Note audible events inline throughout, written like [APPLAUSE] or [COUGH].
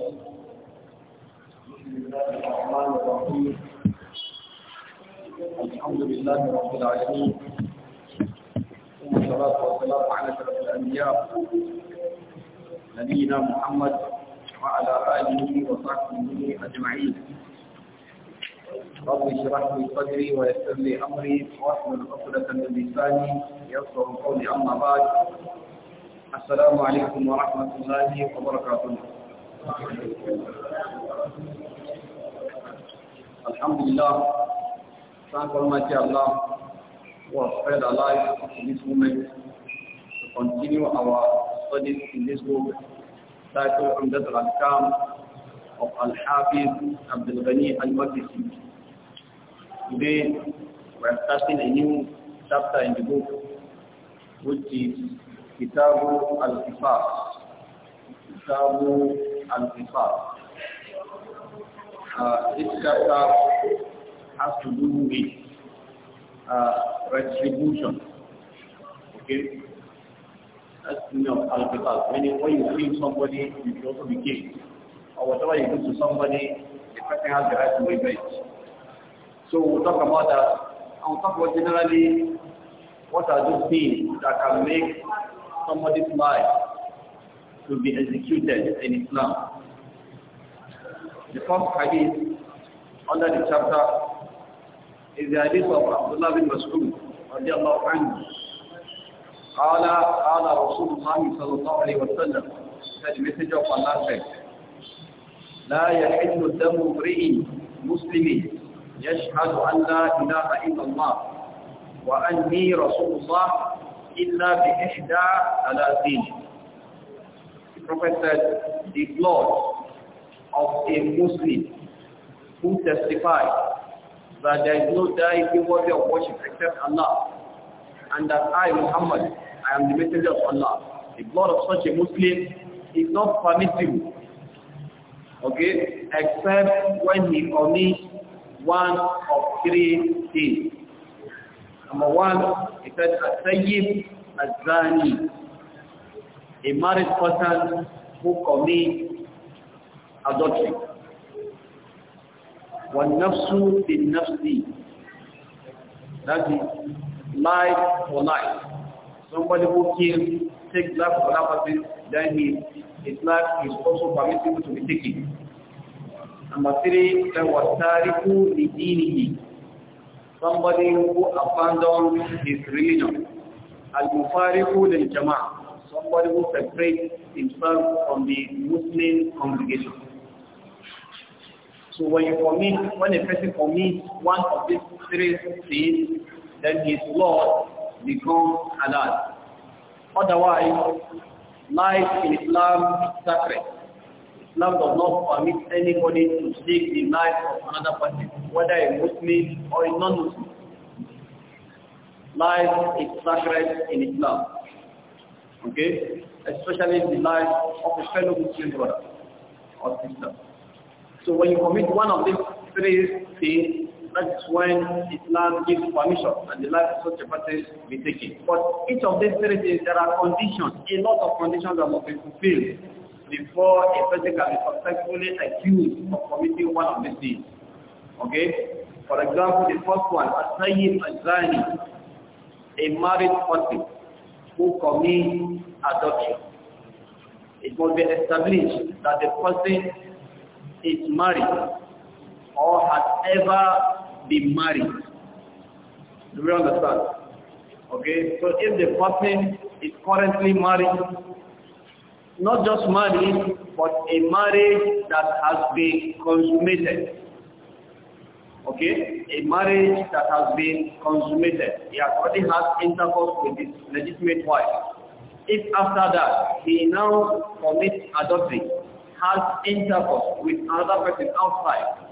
الحمد لله رب العالمين والصلاة والسلام على الأنبياء نبينا محمد وعلى آله وصحبه أجمعين رب اشرح لي صدري ويسر لي امري واحمل عقدة من لساني يفقه قولي اما بعد السلام عليكم ورحمة الله وبركاته Alhamdulillah, thank Almighty Allah who has fed our life to this moment to continue our studies in this book titled Umdat al-Ahkam of Al-Hafiz Abdul Ghani al-Maqdisi. Today we are starting a new chapter in the book which is Kitabu al-Kifas, Kitabu Al-Qisas. Uh, this chapter has to do with uh, retribution. Okay? That's you know, Al-Qisas. When, you kill somebody, you should also be killed. Or whatever you do to somebody, the person has the right to revenge. So we'll talk about that. And we'll talk about generally what are those things that can make somebody's life to be executed in Islam. The first hadith under the chapter is the hadith of Abdullah bin Mas'ud radiallahu anhu. عنه قال قال رسول الله صلى الله عليه وسلم said message of Allah said لا يحل الدم امرئ مسلم يشهد أن لا إله إلا الله وأني رسول الله إلا بإحدى ثلاثين Prophet said, the blood of a Muslim who testifies that there is no deity worthy of worship except Allah, and that I, Muhammad, I am the messenger of Allah. The blood of such a Muslim is not permissible, okay, except when he commits one of three things. Number one, it said, a sayyid a zani a married person who commits adultery. وَالنَّفْسُ بِالنَّفْسِ That is life for life. Somebody who kills, takes life for another person, then he, his life is also permissible to be taken. Number three, that was lidinihi. Somebody who abandoned his religion. Al-mufariku lil-jama'ah somebody who separates himself from the Muslim congregation. So when you commit, when a person commits one of these three sins, then his law becomes halal. Otherwise, life in Islam is sacred. Islam does not permit anybody to take the life of another person, whether a Muslim or a non-Muslim. Life is sacred in Islam. Okay? Especially in the life of a fellow Muslim brother or sister. So when you commit one of these three things, that's when Islam gives permission and the life of such a person be taken. But each of these three things, there are conditions, a lot of conditions that must be fulfilled before a person can be successfully accused of committing one of these things. Okay? For example, the first one, a a married person who commit adultery. It must be established that the person is married or has ever been married. Do we understand? Okay, so if the person is currently married, not just married, but a marriage that has been consummated. Okay, a marriage that has been consummated. He has already had intercourse with his legitimate wife. If after that he now commits adultery, has intercourse with another person outside,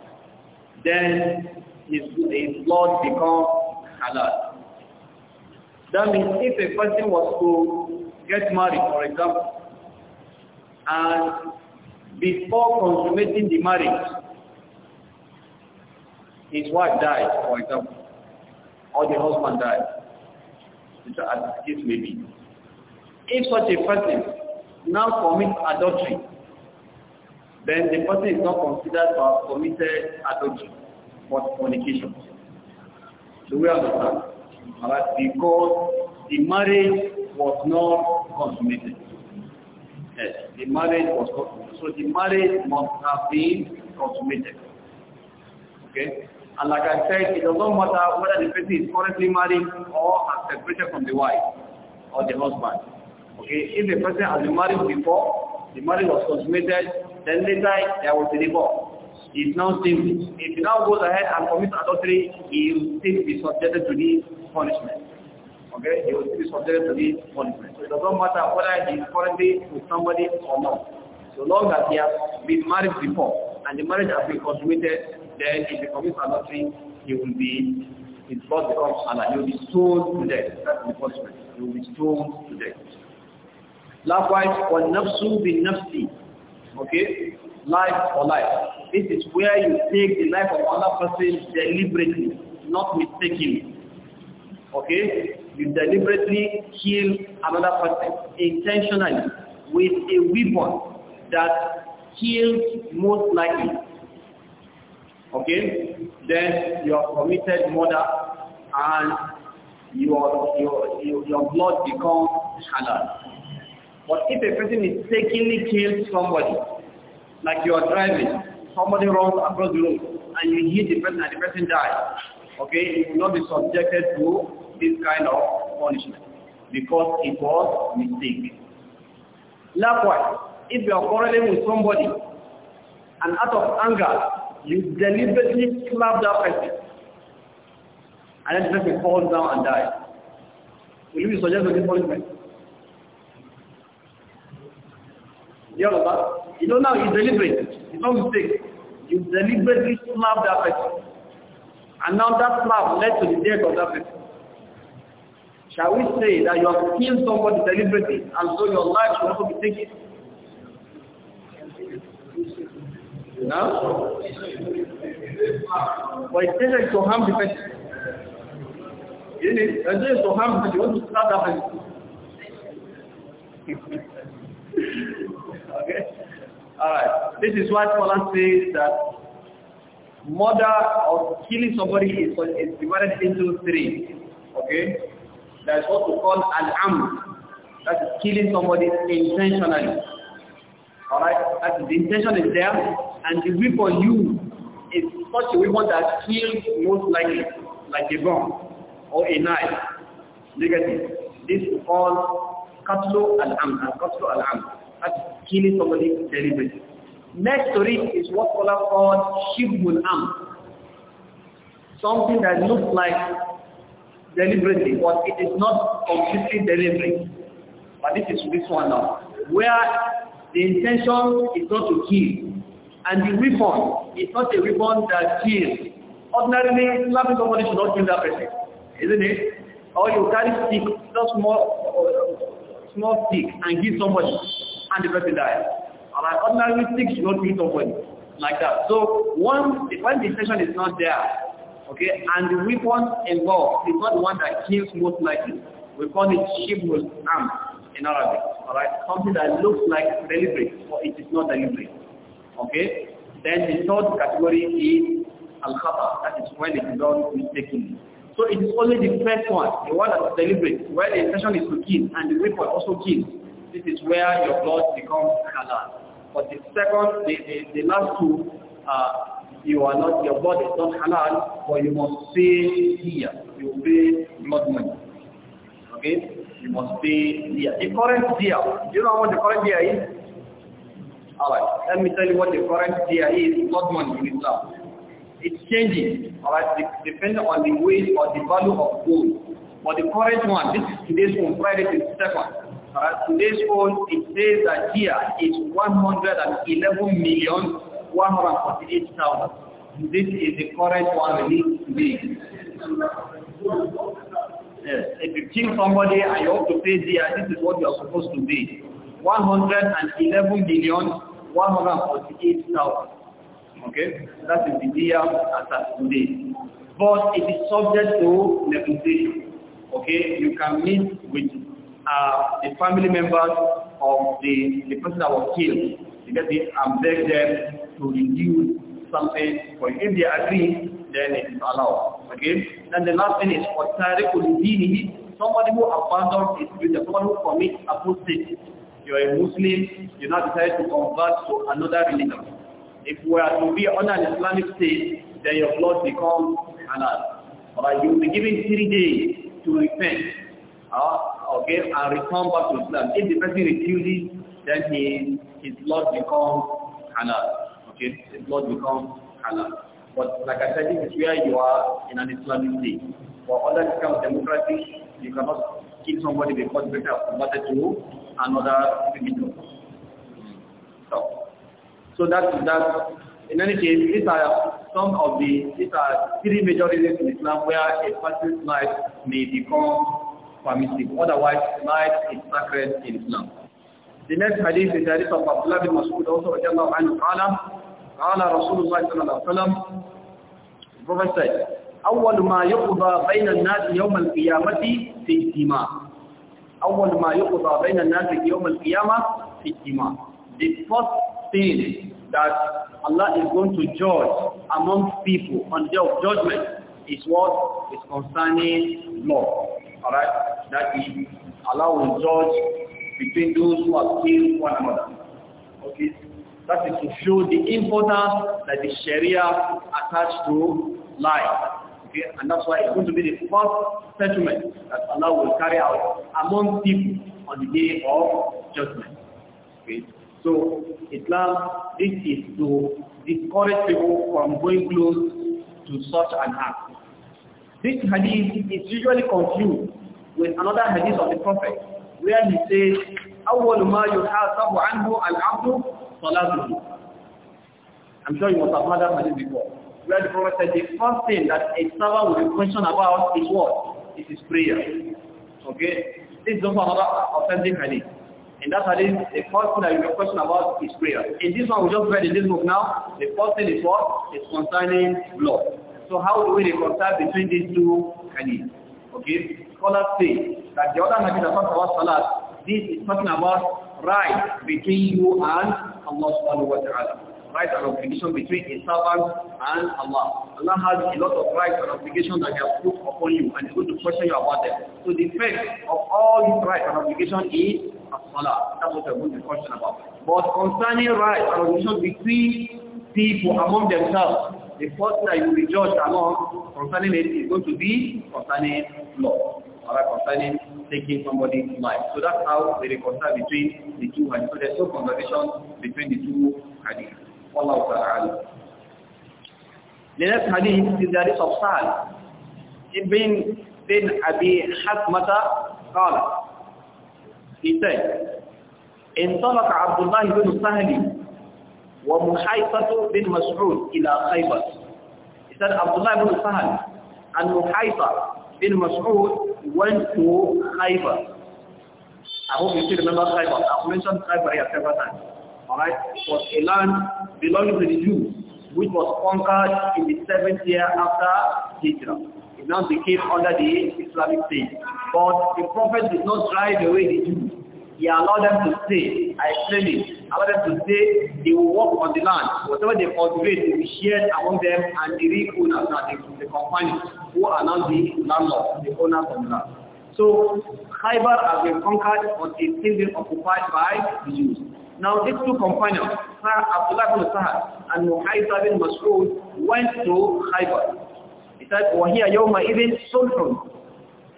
then his, his blood becomes halal. That means if a person was to get married, for example, and before consummating the marriage, his wife died, for example, or the husband died, as case may be. If such a person now commits adultery, then the person is not considered to have committed adultery, but fornication. So we understand? Right? Because the marriage was not consummated. Yes, the marriage was consummated. So the marriage must have been consummated. Okay? And like I said, it doesn't matter whether the person is currently married or has separated from the wife or the husband. Okay, if the person has been married before, the marriage was consummated, then later there was be divorce. He is now sinful. If he now goes ahead and commits adultery, he will still be subjected to the punishment. Okay, he will still be subjected to the punishment. So it doesn't matter whether he is currently with somebody or not. So long as he has been married before and the marriage has been consummated, then if he commits adultery, he will be, his blood becomes and He will be stoned to death. That's the punishment. He will be stoned to death. Likewise, for nafsu bin nafsi, okay, life for life. This is where you take the life of another person deliberately, not mistakenly. Okay? You deliberately kill another person intentionally with a weapon that kills most likely Okay? Then you have committed murder and your, your, your, blood becomes halal. But if a person is mistakenly kills somebody, like you are driving, somebody runs across the road and you hit the person and the person dies, okay, you will not be subjected to this kind of punishment because it was mistake. Likewise, if you are quarreling with somebody and out of anger you deliberately slapped that person. And then the person falls down and dies. Will you suggest a punishment? You know that? You know now, you deliberate. It's not mistake. You deliberately slapped that person. And now that slap led to the death of that person. Shall we say that you have killed somebody deliberately and so your life should also be taken? No? why his parents to harm the Is You need, and uh, to harm the you want to start up [LAUGHS] Okay? Alright. This is why Paula says that murder or killing somebody is, is divided into three. Okay? That is what we call an am. That is killing somebody intentionally. Alright? That is the intention is there, and the weapon used is such a weapon that kills most likely, like a bomb or a knife. Negative. This is called katlo al-amd, katlo al-amd. That's killing somebody deliberately. Next to it is what scholars call shibul am, something that looks like deliberately, but it is not completely deliberate. But this is this one now, where the intention is not to kill, and the weapon is not a weapon that kills. Ordinarily, slapping somebody should not kill that person, isn't it? Or you carry stick, just small, small stick, and give somebody, and the person dies. And right? ordinarily, stick should not kill somebody like that. So one, when the intention is not there, okay, and the weapon involved is not the one that kills most likely. We call it shibul arm in Arabic, all right? Something that looks like deliberate, but it is not deliberate. Okay? Then the third category is al-khata, that is when it is done mistakenly. So it is only the first one, the one that is deliberate, where the intention is to kill and the weapon also kills. This is where your blood becomes halal. But the second, the, the, the last two, uh, you are not, your blood is not halal, but you must pay here. You pay blood money. Okay? You must pay here. The current deal, do you know what the current deal is? Alright, let me tell you what the current is. not money in uh, It's changing, alright, depending on the weight or the value of gold. But the current one, this is today's one, Friday 22nd. Alright, today's one, it says that here is 111 million 148,000. This is the current one released today. Yes. If you kill somebody I have to pay there, this is what you are supposed to pay. 111 million 148,000. Okay, that is the year as of today. But it is subject to negotiation. Okay, you can meet with uh, the family members of the, the person that was killed because they and beg them to reduce something for If they agree, then it is allowed. Okay? Then the last thing is for Tariq somebody who abandons his religion, someone who commits apostasy you are a Muslim, you now decide to convert to another religion. If we are to be under an Islamic state, then your blood becomes halal. Alright, you will be given three days to repent, uh, okay, and return back to Islam. If the person refuses, then he, his blood becomes halal. Okay, his blood becomes halal. But like I said, this is where you are in an Islamic state. For other kind of democracy, you cannot kill somebody because better converted to another religion. So, so that that in any case, these are some of the these are three major reasons in Islam where a person's life may become permissive. Otherwise, life is sacred in Islam. The next hadith is the hadith of Abdullah bin Mas'ud also radiallahu anhu qala قال رسول الله صلى الله عليه وسلم The Prophet said, أول ما يقضى بين الناس يوم القيامة في اجتماع أول ما يقضى بين الناس يوم القيامة في the first thing that Allah is going to judge among people on the day of judgment is what is concerning law. Alright? That is, Allah will judge between those who have killed one another. Okay? That is to show the importance that the Sharia attached to life. And that's why it's going to be the first settlement that Allah will carry out among people on the day of judgment. Okay? So Islam, this is to discourage people from going close to such an act. This hadith is usually confused with another hadith of the Prophet where he says, أول ما يحاسب عنه العبد صلاته. I'm sure you must have heard that hadith before where the Prophet said the first thing that a servant will question about is what? It is prayer. Okay? This is also another authentic hadith. In that hadith, the first thing that you will question about is prayer. In this one we just read in this book now, the first thing is what? It's concerning blood. So how do we reconcile between these two hadiths? Okay? Scholars say that the other hadith that talks about salat, this is talking about right between you and Allah subhanahu wa ta'ala rights and obligations between a servant and Allah. Allah has a lot of rights and obligations that they have put upon you and He's going to question you about them. So the first of all these rights and obligations is As-Salah. That's what we're going to question about. But concerning rights and obligations between people among themselves, the first that you will be judged among concerning it is going to be concerning law. Alright, concerning taking somebody's life. So that's how they reconcile between the two and So there's no conversation between the two hadiths. والله تعالى أعلم لنفس هذه استدلال صفصال ابن بن أبي حكمة قال كتاب انطلق عبد الله بن سهل ومحيطة بن مسعود إلى خيبر إذن عبد الله بن سهل and Muhaita bin Mas'ud went to خيبر I hope you still remember خيبر I've mentioned خيبر here several times. alright, was a land belonging to the Jews, which was conquered in the seventh year after Hijrah. It now became under the Islamic State. But the Prophet did not drive away the Jews. He allowed them to stay. I explain it. Allowed them to stay. They will work on the land. Whatever they cultivate will be shared among them and the real owners, not the, the companies who are now the landlords, the owners of the land. So Khaybar has been conquered but it's still been occupied by the Jews. Now these two companions, Abdullah bin Sahad and Muhayta bin Mas'ud went to Khaybar. He said, وَهِيَ يَوْمَ إِذٍ Sultan.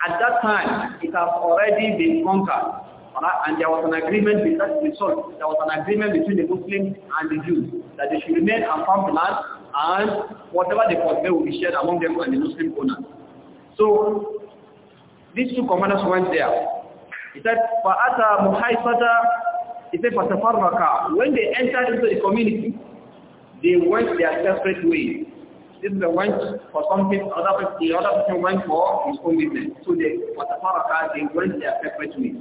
At that time, it has already been conquered. And there was an agreement between the salt. There was an agreement between the Muslims and the Jews that they should remain and farm the land and whatever they convey will be shared among them and the Muslim owners. So these two commanders went there. He said, فَأَتَى مُحَيْفَةَ he said, "For فَتَفَرَّقَ When they entered into the community, they went their separate ways. This is the went for something, other person, the other person went for his own business. So they, فَتَفَرَّقَ They went their separate ways.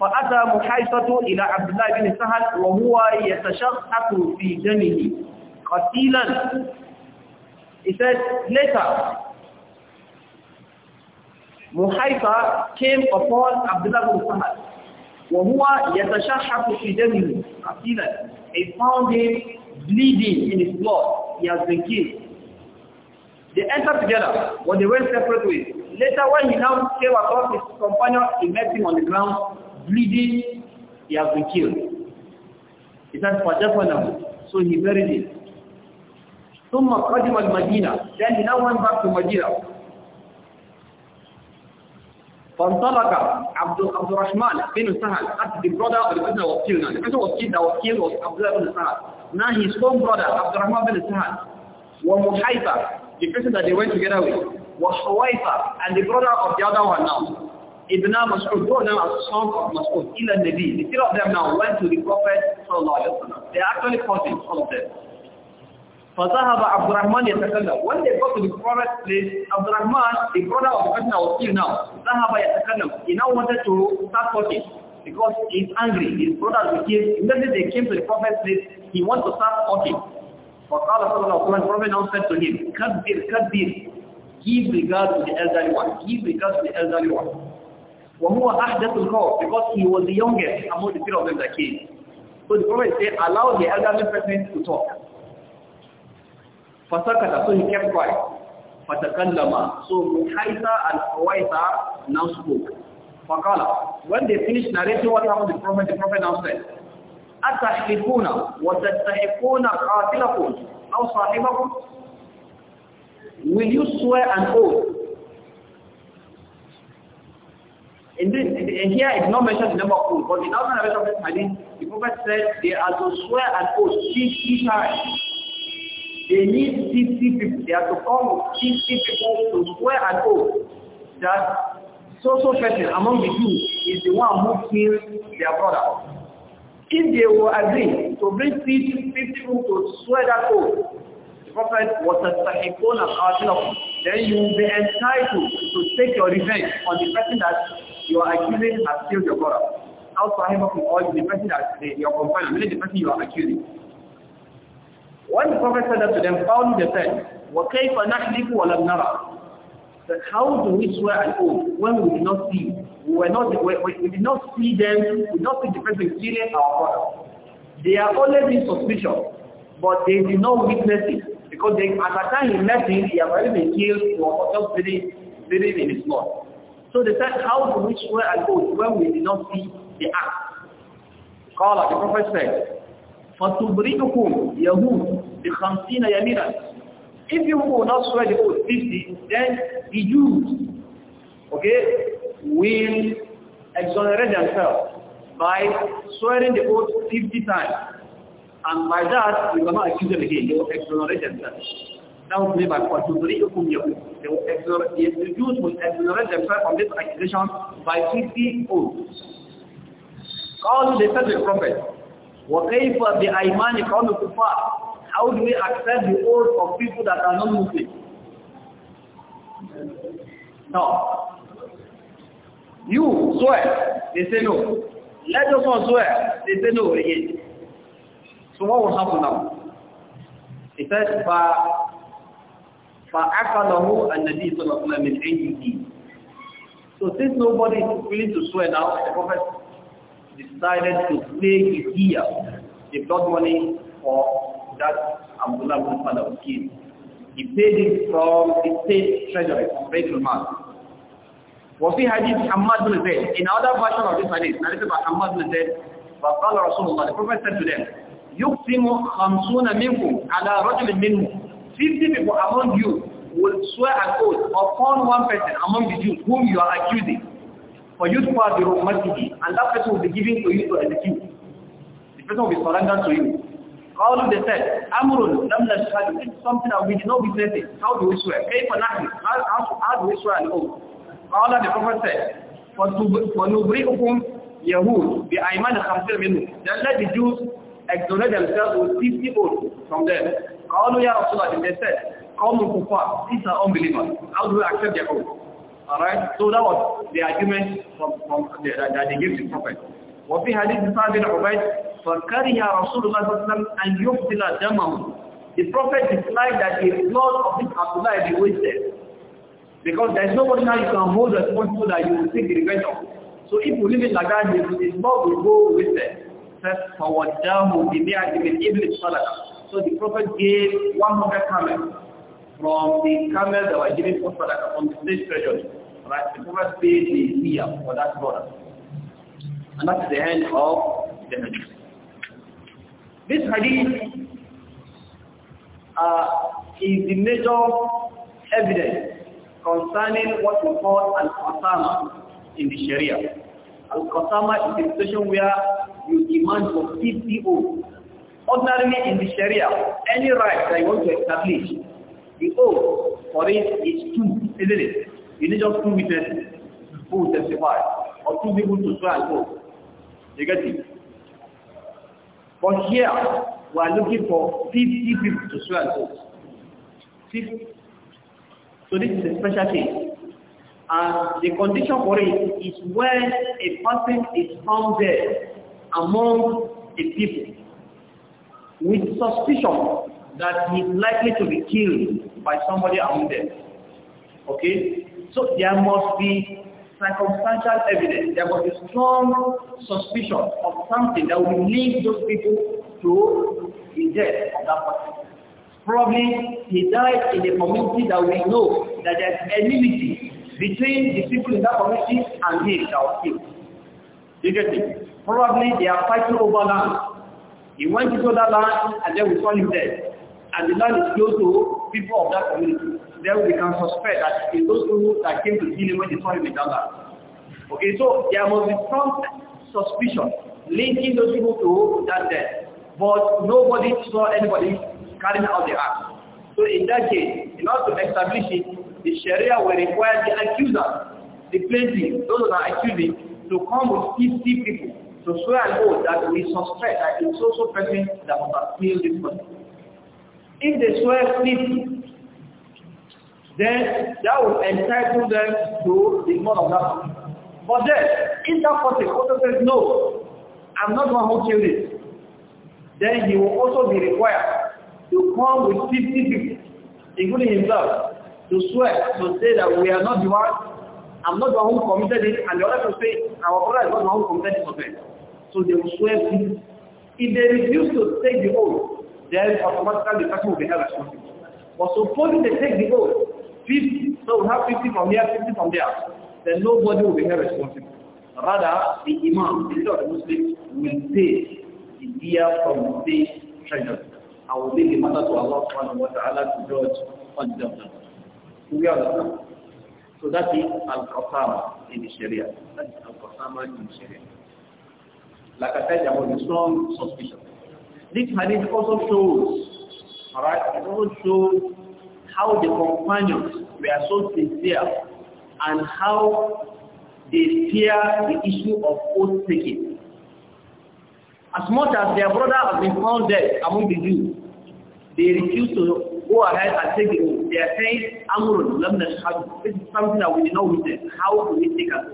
فأتى محيصة إلى عبد الله بن سهل وهو يتشقق في دمه قتيلا He said, later, Muhaifa came upon Abdullah bin Sahal وهو يتشحف في دمه that, They found him bleeding in his blood. He has been killed. They entered together, but they went separate ways. Later, when he now came across his companion, he met him on the ground, bleeding. He has been killed. He said, فَجَفَنَهُ So he buried him. ثُمَّ قَدِمَ الْمَدِينَ Then he now went back to Medina. فانطلق عبد عبد الرحمن بن Sahal at the brother of the prisoner was killed. The prisoner was killed, that was killed was Abdullah bin Sahal. Now his own brother, Abd Rahman bin Sahal, were Muhaifa, the person that they went together with, was Hawaifa, and the brother of the other one now. Ibn Mas'ud, both of them are sons of Mas'ud, Ila Nabi. The three of them now went to the Prophet Sallallahu Alaihi They are actually cousins, all of them. فذهب عبد الرحمن يتكلم when they got to the prophet place عبد الرحمن the brother of Fetna was still now ذهب يتكلم he now wanted to start talking because he's angry his brother became immediately they came to the prophet place he wants to start talking فقال صلى الله عليه وسلم prophet now said to him كبر كبر give regard to the elderly one give regard to the elderly one وهو أحدث القوم because he was the youngest among the three of them that came so the prophet said allow the elderly person to talk فسكت so he kept quiet فتكلم so Muhaisa and Huwaisa now spoke فقال when they finished narrating what happened the prophet the prophet now said أتحلفون وتتحقون قاتلكم أو صاحبكم will you swear an oath In this, in here it's not mentioned the number of oaths, but in other narration of this hadith, the Prophet said they are to swear an oath each time. They need 50 people. They have to come with 50 people to swear and oath that social person among the two is the one who killed their brother. If they will agree to bring 50 people to swear that oath, the prophet was a sahikon of our Arsenal, then you will be entitled to take your revenge on the person that you are accusing has killed your brother. Also, I have a the person that your companion, meaning the person you are accusing. One Prophet said that to them, found the said, وَكَيْفَ نَحْلِكُ وَلَمْ نَرَى That how do we swear an oath when we did not see? We, were not, we, we did not see them, we did not see the person experience our brother. They are only being suspicious, but they did not witness it. Because they, at the time he met him, he had already been killed for just believing in his blood. So they said, how do we swear an oath when we did not see the act? Qala, the Prophet said, فَتُبْرِئُكُمْ يَهُودْ بِخَمْسِينَ يَمِينًا If you will not swear the oath 50, then the Jews, okay, will exonerate themselves by swearing the oath 50 times. And by that, you will not accuse them again. They will exonerate themselves. Now, will be by فَتُبْرِئُكُمْ يَهُودْ They will exonerate, the Jews will exonerate themselves from this accusation by 50 oaths. All they said the prophet, وَكَيْفَ بِأَيْمَانِ قَوْمِ كُفَّارٍ How do we accept the oath of people that are not Muslim? No. You swear, they say no. Let us all swear, they say no again. So what will happen now? It says, فَأَقَلَهُ النَّبِي صَلَى اللَّهُ مِنْ عِنْدِهِ So since nobody is willing to swear now, the Prophet decided to pay his year, the blood money for that Abdullah bin Fadaw's kid. He paid it from the state treasury, from Baitul Mal. وفي حديث حماد bin Zayd. in other version of this hadith narrated by Hamad bin Zayd فقال رسول the prophet said to them يقسم خمسون منكم على رجل منهم 50 people among you will swear an oath upon one person among the Jews whom you are accusing for you to pass the romantic and that person will be given to you to execute. The person will be surrendered to you. All of them said, Amrun, Lam Nashhadu, it's something that we did not witness it. How do we swear? Pay for nothing. How, how, how do we swear an oath? All of the Prophet said, "For فَنُبْرِئُكُمْ Yahud, the Ayman Khamsir Minu. Then let the Jews exonerate themselves with 50 oaths from them. قالوا of رسول الله, they said, قوم كفار, these are unbelievers. How do we accept their oath? Alright, so that was the argument from, from the, that they gave to the Prophet. What وفي had is the عبيد فكره رسول الله صلى الله عليه وسلم أن يبتل دمه. The Prophet disliked that the blood of this Abdullah be wasted. Because there's nobody now you can hold responsible that you will take the revenge of. So if you leave it like that, his blood will go wasted. فَوَدَّاهُ بِمِعَةِ مِنْ إِبْلِ الصَّلَةَ So the Prophet gave 100 camels from the camels that were given for Sadaqah from the state treasury right? The Prophet paid the niyyah for that order, And that's the end of the hadith. This hadith uh, is the major evidence concerning what we call al-qasama in the Sharia. Al-qasama is a situation where you demand for PPO. Ordinarily in the Sharia, any right that you want to establish, the oath for it is two, isn't it? You need just two witnesses who will testify, or two people to try and go. You get it? But here, we are looking for 50 people to swear and go. See, So this is a special case. And the condition for it is when a person is found there among a people with suspicion that he is likely to be killed by somebody among them. Okay? So there must be circumstantial evidence. There must be strong suspicion of something that will lead those people to the death of that person. Probably he died in a community that we know that there's enmity between the people in that community and him that was killed. You get it? Probably they are fighting over land. He went into that land and then we saw him dead. And the land is close to people of that community then we can suspect that it's those people that came to kill him when they saw him with Allah. Okay, so there must be some suspicion linking those people to that death. But nobody saw anybody carrying out the act. So in that case, in order to establish it, the Sharia will require the accuser, the plaintiff, those who are accusing, to come with 50 people to swear and oath that we suspect that it's also person that must have killed this person. If they swear 50, then that will entitle them to the more of that money. But then, in that person also says, no, I'm not one who killed it, then he will also be required to come with 50 people, including himself, to swear, to say that we are not the one, I'm not the one who committed it, and the other to say, our brother is not the one who committed this offense. So they will swear peace. If they refuse to take the oath, then automatically the person will be held responsible. But supposing they take the oath, 50. So we have 50 from here, 50 from there. Then nobody will be held responsible. Rather, the imam, the leader of the Muslims, will pay the year from the treasure. I will leave the matter to Allah subhanahu wa ta'ala to judge on them. We understand. So that is Al-Qasama in the Sharia. That is Al-Qasama in the Sharia. Like I said, there was a strong suspicion. This hadith also shows, alright, it also shows how the companions were so sincere and how they fear the issue of oath-taking. As much as their brother has been found dead among the Jews, they refuse to go ahead and take the oath. They are saying, Amrun, Lamnash, this is something that we did not witness. How do we take it?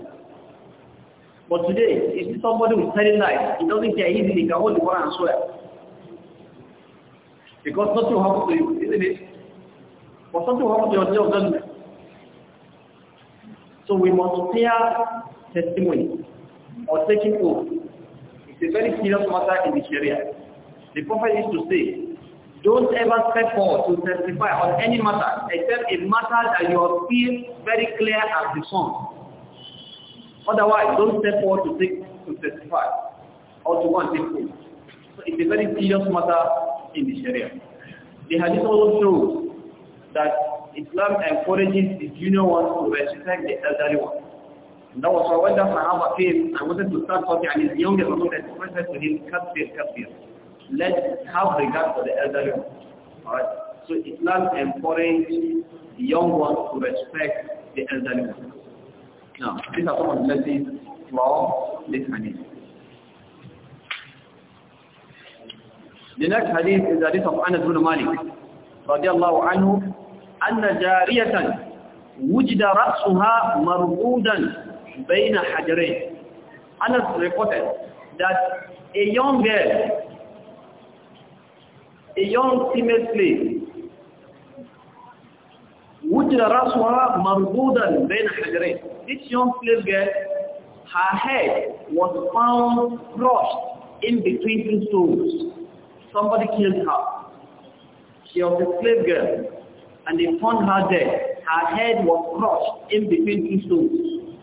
But today, if somebody with telling lies, he doesn't care easily, he can hold the Quran and swear. Because nothing will happen to you, isn't it? for something wrong with yourself doesn't So we must bear testimony or taking oath. It's a very serious matter in the Sharia. The Prophet used to say, don't ever step forward to testify on any matter except a matter that you feel very clear as the sun. Otherwise, don't step forward to, take, to testify or to want to So it's a very serious matter in the Sharia. The hadith also shows that Islam encourages the junior ones to respect the elderly ones. And that was why when the Sahaba came, I wanted to start talking, and his younger brother expressed to him, Kafir, Kafir. Let's have regard for the elderly ones. Alright? So Islam encourages the young ones to respect the elderly ones. Now, these are some of the lessons from this hadith. The next hadith is the hadith of Anas bin Malik, radiallahu anhu, أن جارية وجد رأسها مربودا بين حجرين Anas reported that a young girl, a young female slave, وجد رأسها مربودا بين حجرين This young slave girl, her head was found crushed in between two stones. Somebody killed her. She was a slave girl. and they found her dead. Her head was crushed in between two stones.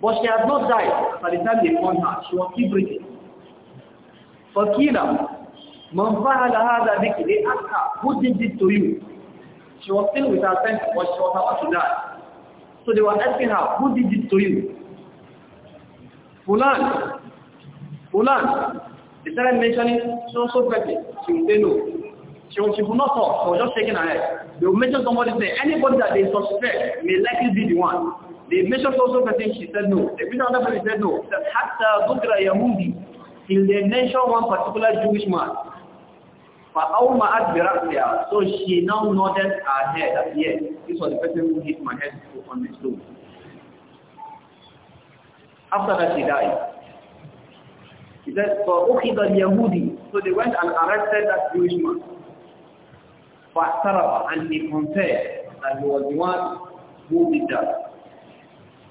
But she had not died by the time they found her. She was still breathing. For Kila, fahala hadha they asked her, who did this to you? She was still with her senses, but she was about to die. So they were asking her, who did this to you? Fulan, Fulan, they started mentioning so-so person. She would say no. She will, she will not talk. She was just shaking her head. They will mention somebody's name. Anybody that they suspect may likely be the one. They mentioned also person, she said no. They mentioned another person, She said no. That Hatta Bukra Yamundi. till they mention one particular Jewish man. Fa'awma'at biraktiya. So she now nodded her head that yes, this was the person who hit my head on the stone. After that she died. He said, for فَأُخِذَ Yahudi. So they went and arrested that Jewish man. فاعترف and he confessed that he was the one who did that.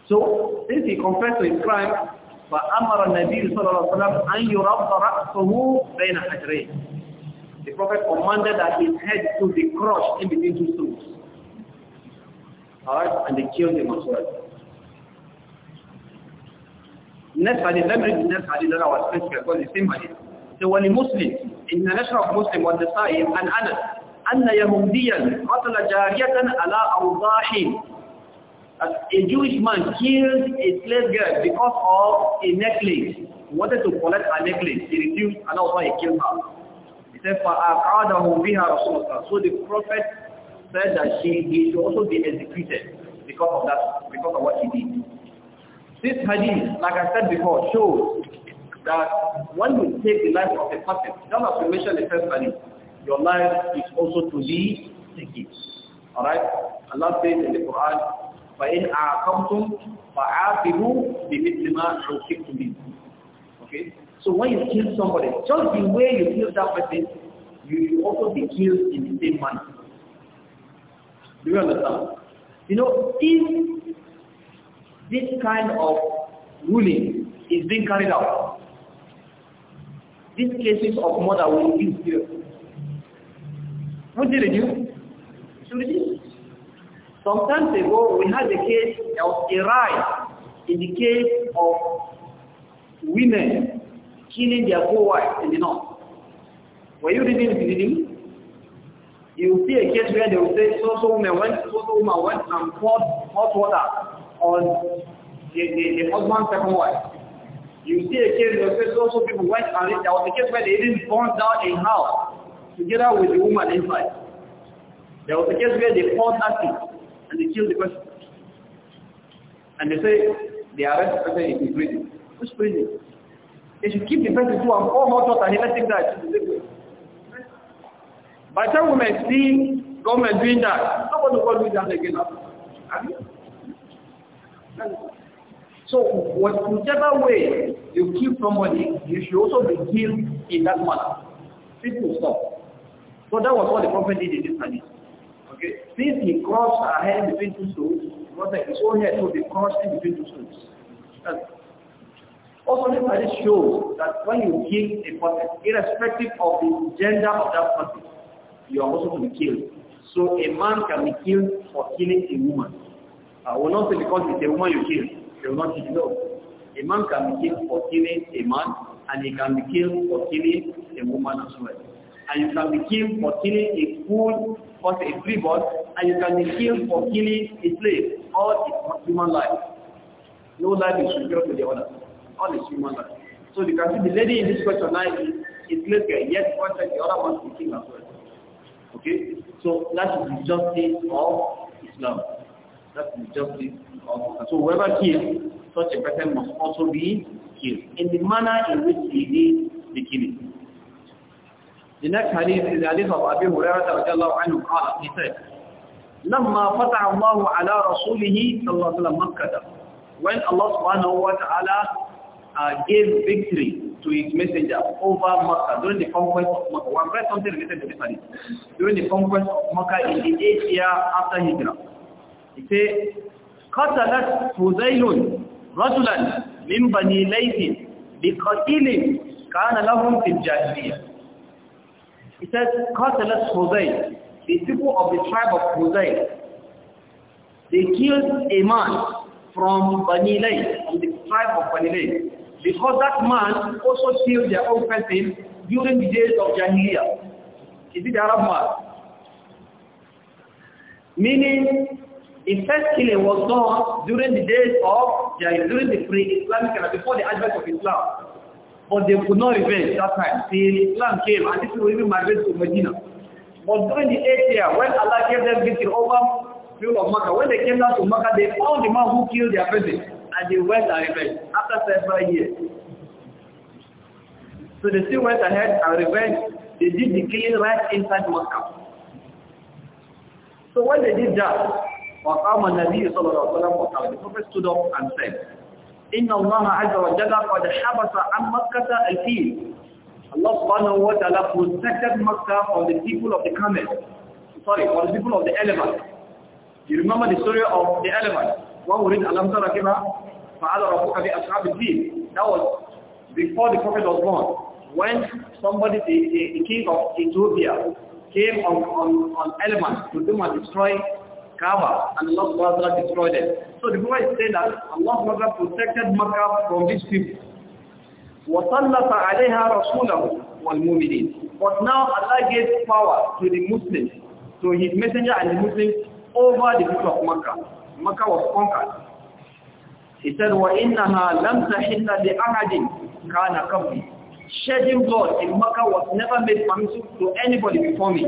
So since he confessed his crime, فأمر النبي صلى الله عليه وسلم أن يربط رأسه بين حجرين. The Prophet commanded that his head should be crushed in between two stones. Alright, and they killed him as well. Next hadith, let me read the next hadith that I was speaking about, the same hadith. So when a Muslim, in the nation of Muslim was the Sa'id and Anas, أن يهوديا قتل جارية على أوضاح a Jewish man killed a slave girl because of a necklace. He wanted to collect a necklace. He refused and that's why he killed her. He said, فَأَقَادَهُمْ بِهَا رَسُولَهُ So the prophet said that she he should also be executed because of that, because of what she did. This hadith, like I said before, shows that when you take the life of a person, don't have to mention the first hadith, your life is also to be taken. Alright? Allah says in the Quran, فَإِنْ أَعْقَمْتُمْ فَعَاقِبُوا بِمِثْلِ مَا عُوْقِبْتُمْ بِهِ Okay? So when you kill somebody, just the way you kill that person, you will also be killed in the same manner. Do you understand? You know, if this kind of ruling is being carried out, these cases of murder will be What Would you reduce? To reduce. Some time ago, we had the case of a riot in the case of women killing their co-wives in the north. Were you reading the beginning? You see a case where they will say so-so woman went, so-so woman went and poured hot water on the, the, the husband's second wife. You see a case where so-so people went and there was a case where they even burned down a house together with the woman inside. There was a case where they fought acid and they killed the person. And they say they arrest the person in prison. Who's prison? They should keep the person to and four more thoughts and never think that. By the time we see government doing that, nobody will do that again. So whichever way you kill somebody, you should also be killed in that manner. People stop. So that was what the prophet did in this hadith. Okay. Since he crossed her head between two stones, brother, his own head will be crossed in between two souls. also this hadith shows that when you kill a person, irrespective of the gender of that person, you are also going to be killed. So a man can be killed for killing a woman. I will not say because it's a woman you kill. You will not kill. No. A man can be killed for killing a man and he can be killed for killing a woman as well and you can be killed for killing a fool or a freebird, and you can be killed for killing a slave. All is human life. No life is superior to the other. All is human life. So you can see the lady in this question now is a slave girl, yet one the other one is king as well. Okay? So that is the justice of Islam. That is the justice of Islam. So whoever kills, such a person must also be killed in the manner in which he did the killing. The next hadith لفظ the hadith of الله عنه قال anhu He said, لما فتح الله على رسوله صلى الله عليه وسلم مكة when Allah subhanahu wa ta'ala uh, gave victory to his messenger over Makkah during the conquest of Makkah. One read something related to this hadith. During the conquest of Makkah in the eighth year after Hijrah. He said, قتلت فزيل رجلا من بني ليث بقتيل كان لهم في الجاهليه He says, Qatalat Hosea, the people of the tribe of Hosea, they killed a man from Bani from the tribe of Bani because that man also killed their own person during the days of Jahiliyyah. Is it the Arab man? Meaning, the first killing was done during the days of Jahiliyyah, during the pre-Islamic era, before the advent of Islam. But they could not revenge that time The Islam came and this will even migrate to Medina. But during the eighth year, when Allah gave them victory over people of Makkah, when they came down to Makkah, they found the man who killed their president and they went and revenge after several years. So they still went ahead and revenge. They did the killing right inside Makkah. So when they did that, Muhammad النبي صلى الله عليه وسلم the prophet stood up and said إن الله عز وجل قد حبس عن al-fil. Allah subhanahu wa ta'ala protected Makkah from the people of the camel. Sorry, from the people of the elephant. You remember the story of the elephant. When we read Alam Tara Kima, Fa'ala Rabbuka bi Ashab al-Fil. That was before the Prophet was born. When somebody, the, the, the king of Ethiopia, came on, on, on elephant to do and destroy Kaaba and Allah destroyed it. So the Prophet said that Allah Ta'ala protected Makkah from these people. وَصَلَّفَ عَلَيْهَا رَسُولَهُ وَالْمُؤْمِنِينَ But now Allah gave power to the Muslims, to his messenger and the Muslims over the people of Makkah. Makkah was conquered. He said, وَإِنَّهَا لَمْ تَحِلَّ لِأَحَدٍ كَانَ قَبْلِ Shedding blood in Makkah was never made permissible to anybody before me.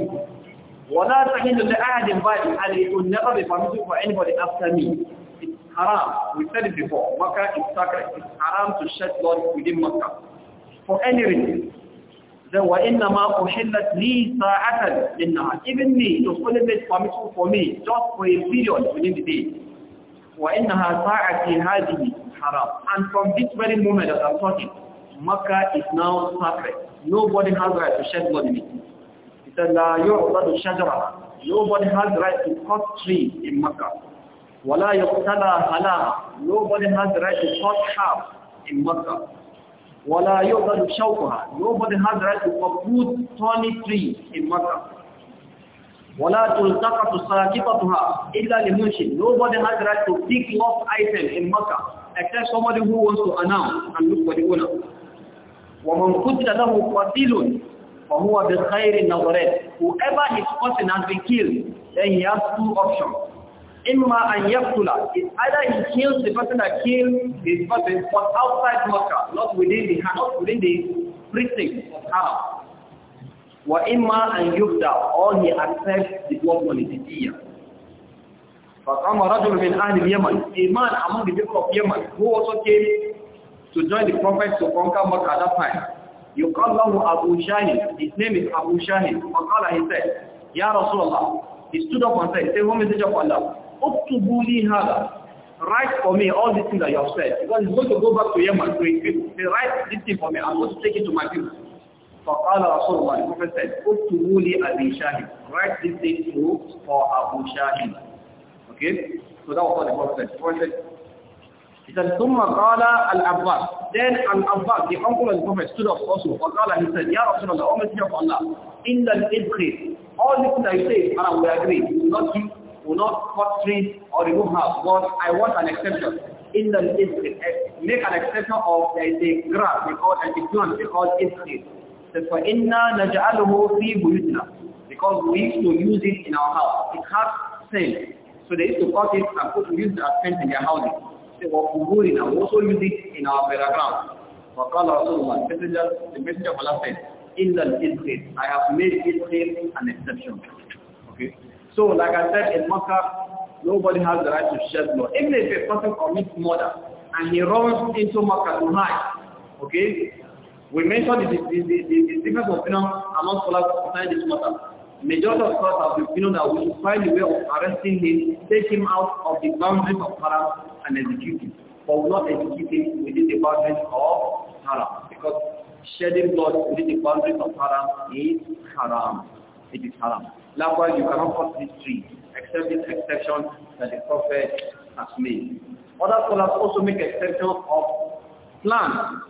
وَلَا تَحِلُّ لَأَحَدٍ بَعْدِ And it will never be permitted for anybody after me. It's haram. We said it before. Makkah is sacred. It's haram to shed blood within Makkah. For any reason. Then وَإِنَّمَا أُحِلَّتْ لِي سَاعَةً لِلنَّهَارِ Even me, it was only made permissible for me, just for a period within the day. وَإِنَّهَا سَاعَتِي هَذِهِ haram. And from this very moment that I'm talking, Makkah is now sacred. Nobody has right to shed blood in it. said, La yu'badu shajara. Nobody has right to cut tree in Makkah. Wala yuqtala halaha. Nobody has right to cut half in Makkah. Wala yu'badu shawkaha. Nobody has right to uproot thorny tree in Makkah. Wala tultaqatu saqitatuha إِلَّا limunshin. Nobody has right to pick lost items in Makkah except somebody who wants to announce and look for the owner. وَمَنْ كُتِلَ لَهُ قَتِيلٌ فَهُوَ بِخَيْرِ نَظَرَيْنِ Whoever his person has been killed, then he has two options. Imma and Yakula. It's either he kills the person that killed his person, but outside Makkah, not within the not within the precinct of Haram. Wa Imma and Yukda, or he accepts the blood money, the deer. فقام رجل من أهل اليمن a man among the people of Yemen who also came to join the prophet to conquer Makkah at that time يقال له Abu Shahid. His name is Abu Shahid. فقال he said, Ya Rasulullah. He stood up and said, say, what message of Allah? Uktubu li hada. Write for me all these things that you have said. Because he's going to go back to Yemen to his people. Say, write this thing for me. I'm going to take it to my people. فقال Rasulullah. the Prophet said, Uktubu li Abu Shahid. Write this thing to, for Abu Shahid. Okay? So that was what the Prophet said. The Prophet said, He said, ثُمَّ قَالَ الْعَبَّاسِ Then an Abbas, the uncle of the Prophet, stood up also. وَقَالَ He said, "Ya Rasulullah, O Messenger of Allah, the الْإِبْخِ All the things I say, Allah we agree. Will not give, will not cut trees or remove half. But I want an exception. In the الْإِبْخِ Make an exception of eh, there is a grass, because call it Because plant, we call it إِبْخِ. فَإِنَّا نَجْعَلُهُ فِي Because we used to use it in our house. It has scent. So they used to cut it and put use it as scent in their houses say, وَقُبُورِنَا also use it in our paragraph. وَقَالَ رَسُولُ اللَّهِ Messenger, the Messenger of Allah said, إِلَّا الْإِذْخِيرِ I have made Israel an exception. Okay. So like I said in Makkah, nobody has the right to shed blood. Even if a person commits murder and he runs into Makkah tonight, okay, we mentioned the, the, the, the, the difference of opinion among scholars concerning this matter. Majority of course have opinion that we should find a way of arresting him, take him out of the boundaries of Haram and execute him. But not execute him within the boundaries of Haram. Because shedding blood within the boundaries of Haram is Haram. It is Haram. Likewise, you cannot cut this tree, except this exception that the Prophet has made. Other scholars also make exceptions of plants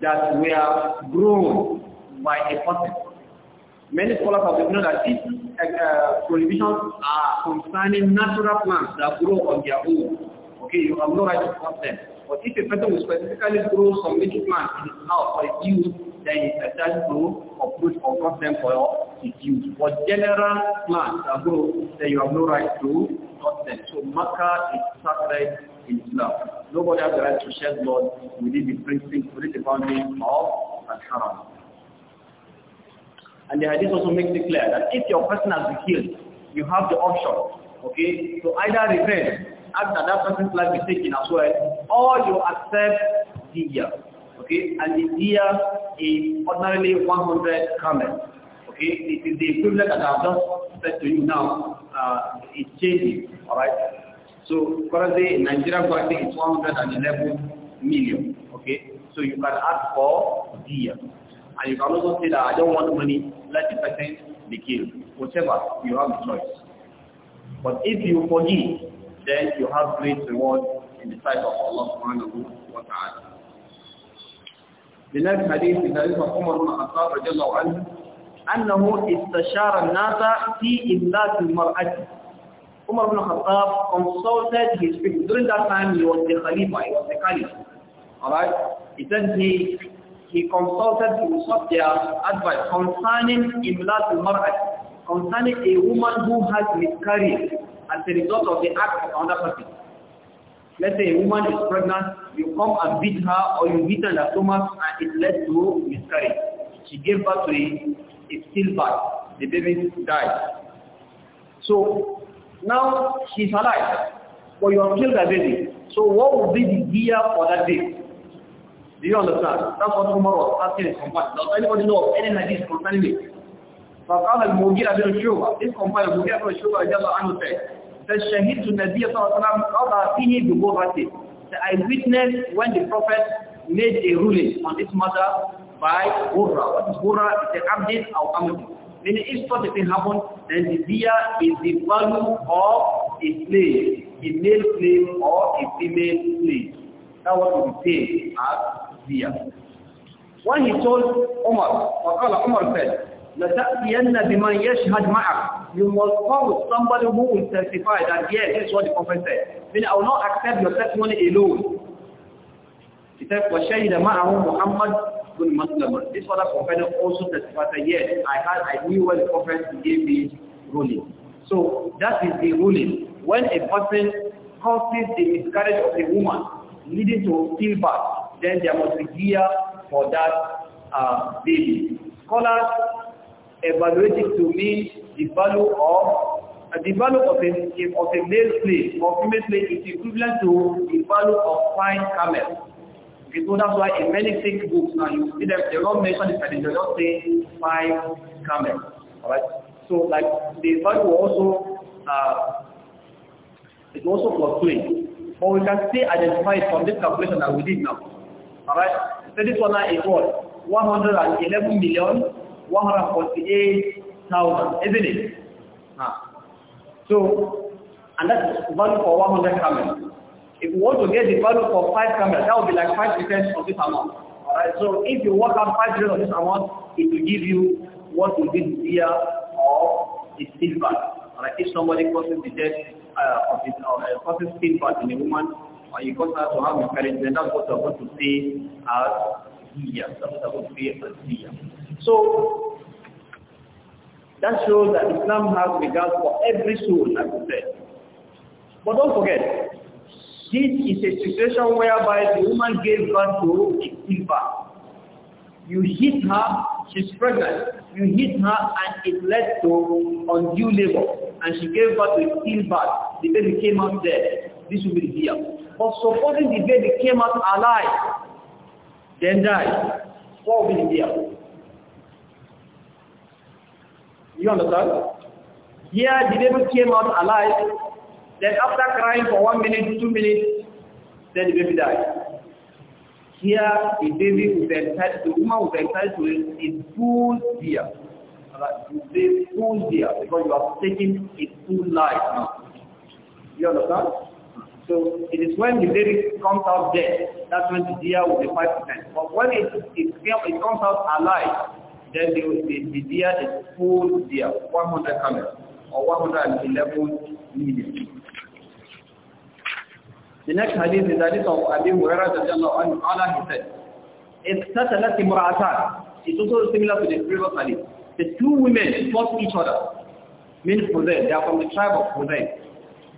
that were grown by a person Many scholars have known that these uh, uh, prohibitions are concerning natural plants that grow on their own. Okay, you have no right to cut them. But if a person will specifically grow some little plant in his house for its use, then it's entitled to approach or cut them for its use. But general plants that grow, then you have no right to cut them. So maka is sacred in Islam. Nobody has the right to shed blood within the principle, within the boundaries of Al-Haram. And the hadith also makes it clear that if your person has been killed, you have the option, okay, to either repent, after that person's life is taken as well, or you accept diya, okay, and the dia is ordinarily 100 camels, okay, it is the equivalent that I have just said to you now, uh, it's changing, alright. So currently in Nigeria currently it's 111 million, okay, so you can ask for diya. And you can also say that I don't want money, let the person be killed. Whatever, you have a choice. But if you forgive, then you have great reward in the sight of Allah subhanahu wa ta'ala. The next hadith is hadith of Umar al Khattab radiallahu anhu أنه استشار الناس في إملاك المرأة Umar ibn Khattab consulted his people. During that time, he was the Khalifa, he was the Caliph. Alright? He said he he consulted to sought their advice concerning Imlat al-Mar'at, concerning a woman who has miscarried as a result of the act of another person. Let's say a woman is pregnant, you come and beat her or you beat her in the stomach and it led to miscarriage. She gave birth to a, a The baby died. So now she's alive, but you have killed the baby. So what would be the gear for that baby? Do you understand? That's what Umar was asking his companion. Does anybody know of any hadith concerning it? فقال المغيرة بن شعبة This companion, المغيرة بن شعبة رضي الله عنه said, said شهدت النبي صلى الله عليه وسلم قضى فيه بغرته. So I witnessed when the Prophet made a ruling on this matter by Hurra. What is Hurra? It's an update of Amadu. Meaning if such a thing happens, then the dia is the value of a slave, a male slave or a female slave. That's what we say as when he told Umar, Faqala Umar said, لَتَأْتِيَنَّ بِمَنْ يَشْهَدْ مَعَكْ You must come with somebody who will testify that yes, this is what the Prophet said. Meaning, I will not accept your testimony alone. He said, وَشَهِدَ مَعَهُ Muhammad bin Muslim. This other Prophet also testified that yes, I had I knew when the prophet gave his ruling. So that is the ruling. When a person causes the miscarriage of a woman leading to stillbirth, then there must be gear for that uh, baby. Scholars evaluate it to mean the value of uh, the value of a, of a male slave or female slave is equivalent to the value of fine camel. Okay, so that's why in many thick books now you see them, they don't mention it, they they not say fine camel. Alright? So like the value also uh, it also fluctuates. but we can still identify from this calculation that we did now. Alright, so this one is what? 111 million 148,000, isn't it? Ah. So, and that's value for 100 camels. If you want to get the value for 5 camels, that would be like 5% of this amount. Alright, so if you work out 5% of this amount, it will give you what will be the year of the silver. Alright, if somebody causes the death uh, of, his, uh, causes silver in a woman, equals us to have encouragement. That's what we're going to say as here. That's what we're going to say as here. So, that shows that Islam has regard for every soul, as we said. But don't forget, this is a situation whereby the woman gave birth to a silver. You hit her, she's pregnant. You hit her and it led to undue labor. And she gave birth to a stillbirth. The baby came out dead this will be here. But supposing the baby came out alive, then died, what will be here? You understand? Here the baby came out alive, then after crying for one minute, two minutes, then the baby died. Here the baby was entitled, the woman was entitled to a full year. Right? You full year because you are taking a full life now. You understand? So it is when the baby comes out dead, that's when the deer will be 5%. But when it, it, it comes out alive, then the, the, the deer is full deer, 100 camels or 111 million. The next hadith is that of Abi Hurairah radiallahu Allah he said, "It's such a اقتتلت امرأتان It's also similar to the previous hadith. The two women fought each other. Meaning Huzayl, they are from the tribe of Huzayl.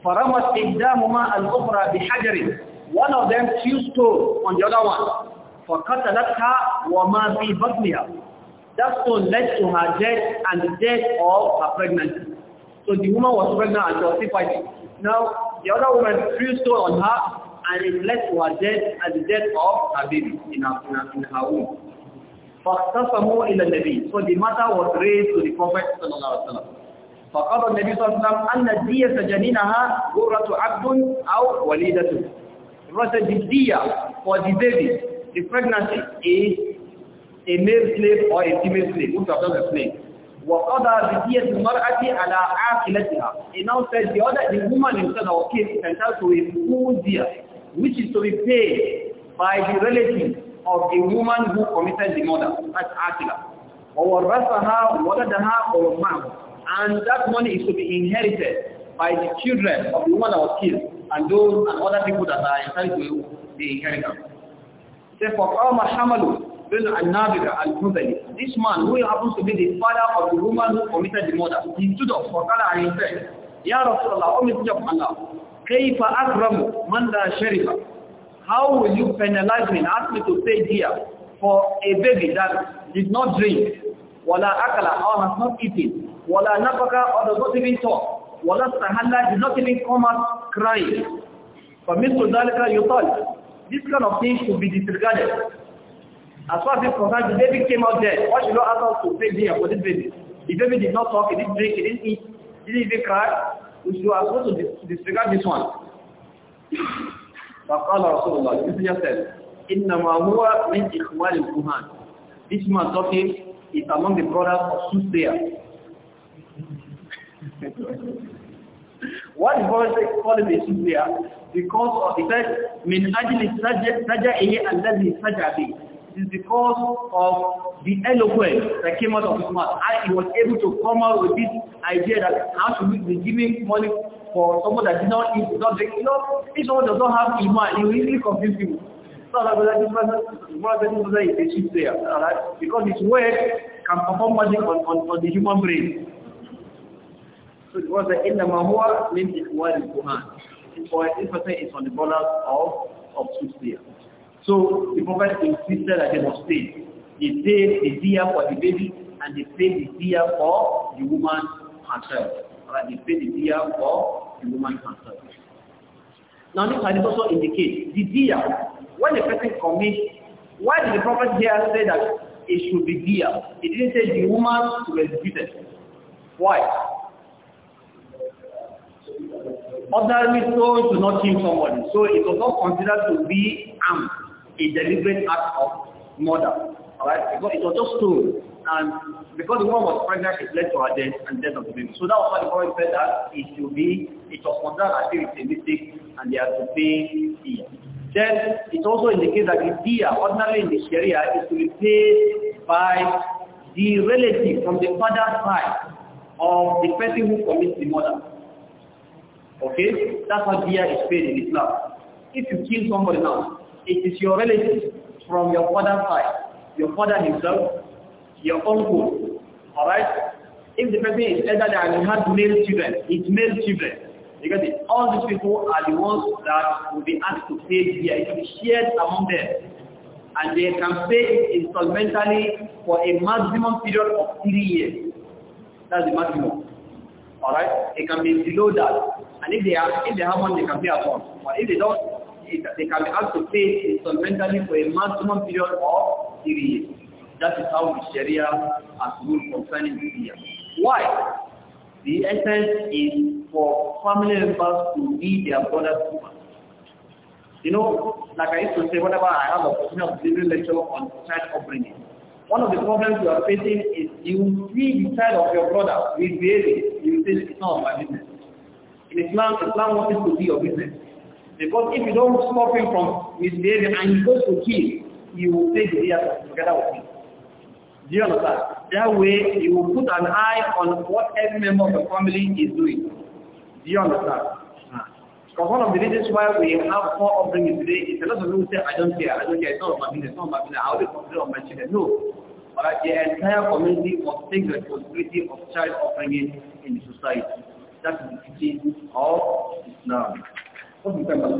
فرمت إحداهما الأخرى بحجر one of them threw stone on the other one فقتلتها وما في بطنها that stone led to her death and the death of her pregnancy so the woman was pregnant and she was fighting now the other woman threw stone on her and it led to her death and the death of her baby in her, in her, in her womb فاختصموا إلى النبي so the matter was raised to the Prophet صلى الله عليه وسلم فقضى النبي صلى الله عليه وسلم أن الدية جنينها غرة عبد أو وليدة الدية for the baby the pregnancy is a male slave or a female slave which are not a slave وقضى بدية المرأة على عاقلتها he now says the other the woman instead of kid is entitled to a full deer which is to be paid by the relative of the woman who committed the murder that's عاقلة وورثها ولدها or معه And that money is to be inherited by the children of the woman that was killed and those and other people that are entitled to the inheritance. Therefore, al-Nabir al this man who happens to be the father of the woman who committed the murder, he stood up for calling and he said, Ya Rasulullah, O Messenger of Allah, كيف أكرم من How will you penalize me and ask me to stay here for a baby that did not drink, ولا Akala, or has not eaten, wala nafaka or does not even talk, wala stahalla did not even come out crying. فَمِثْلُ you يُطَالِ This kind of thing should be disregarded. As far as this concern, the baby came out dead. What should not ask us to pay here for this baby? The baby did not talk, he didn't drink, he didn't eat, he didn't even cry. We should have supposed to disregard this one. فَقَالَ رَسُولُ اللَّهِ This is just said, إِنَّمَا هُوَ مِنْ إِخْوَالِ الْكُهَانِ This man talking is among the brothers of Soothsayer. What the Prophet said, follow me simply, because of the fact, min ajli sajaihi alladhi sajabi. It is because of the eloquence that came out of his mouth. I, he was able to come out with this idea that how should we be giving money for someone that did not eat, did not drink. You know, if someone does not have iman, he will easily confuse people. So that was this person, person is a chief player, all right? Because his word can perform magic on, on, on the human brain. So the Quran said, إِنَّمَا هُوَ مِنْ إِخْوَانِ الْقُرْآن This person is on the borders of, of soothsayer. So the Prophet insisted that they must pay. He paid the dia for the baby and he paid the dia for the woman herself. Right? he paid the dia for the woman herself. Now this hadith also indicates the dia, when the person commits, why did the Prophet here say that it should be dia? He didn't say the woman to be executed. Why? ordinarily told to not kill somebody. So it was not considered to be armed, a deliberate act of murder. right? Because it was just stolen. And because the woman was pregnant, it led to her death and death of the baby. So that was why the Prophet said that it should be, it was considered as if it's a mistake and they have to pay here. Then it also indicates that the deer, ordinarily in the Sharia, is to be paid by the relative from the father's side of the person who commits the murder. Okay? That's how dia is paid in Islam. If you kill somebody now, it is your relative from your father's side, your father himself, your uncle. Alright? If the person is elder than you had male children, it's male children. You get it? All these people are the ones that will be asked to pay dia. It will be shared among them. And they can pay it instrumentally for a maximum period of three years. That's the maximum. Alright? It can be below that. And if they have if they have money, they can pay upon. But if they don't, they can be asked to pay instrumentally for a maximum period of three years. That is how the Sharia has ruled concerning year. Why? The essence is for family members to be their brother's woman. You know, like I used to say, whenever I have a opportunity of delivering lecture on child upbringing, one of the problems you are facing is you see the child of your brother with behaving, you say, it's not my business. In Islam, Islam wants it to be your business. Because if you don't stop him from misbehaving and he goes to kill, he will take the year together with him. Do you understand? That way, he will put an eye on what every member of the family is doing. Do you understand? Because one of the reasons why we have poor upbringing today is a lot of people say, I don't care, I don't care, it's not my business, it's not my business, I always consider on my children. No. But the entire community must take the responsibility of child upbringing in the society. That is the teaching of Islam. What remember?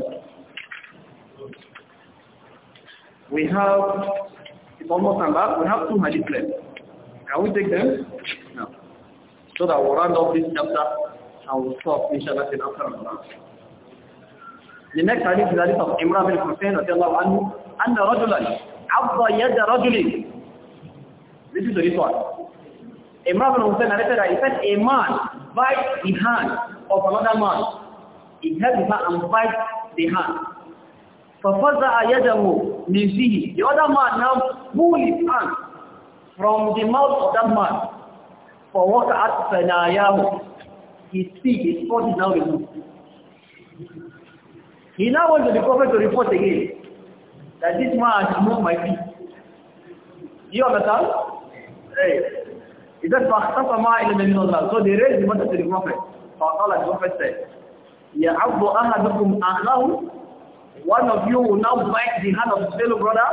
We have, it's almost time we have two hadith left. Can we take them? No. So that we'll round off this chapter and we'll stop inshallah in after Ramadan. The next hadith is hadith of Imran bin Hussein radiallahu anhu, أن رجلا عض يد رجل This is the result. Imran bin Hussein narrated that he said, a man bite the hand of another man. He held his hand and bite the hand. فَفَزَعَ يَدَهُ نِزِهِ The other man now pulled his hand from the mouth of that man. For what at فَنَايَهُ he feet, his foot is now removed. He now wants the prophet to report again that this man has moved my feet. you understand? Hey. إذا ما إلى النبي صلى الله عليه وسلم so they raised the matter فقال the Prophet said أحدكم أخاه one of you will now bite the hand of his fellow brother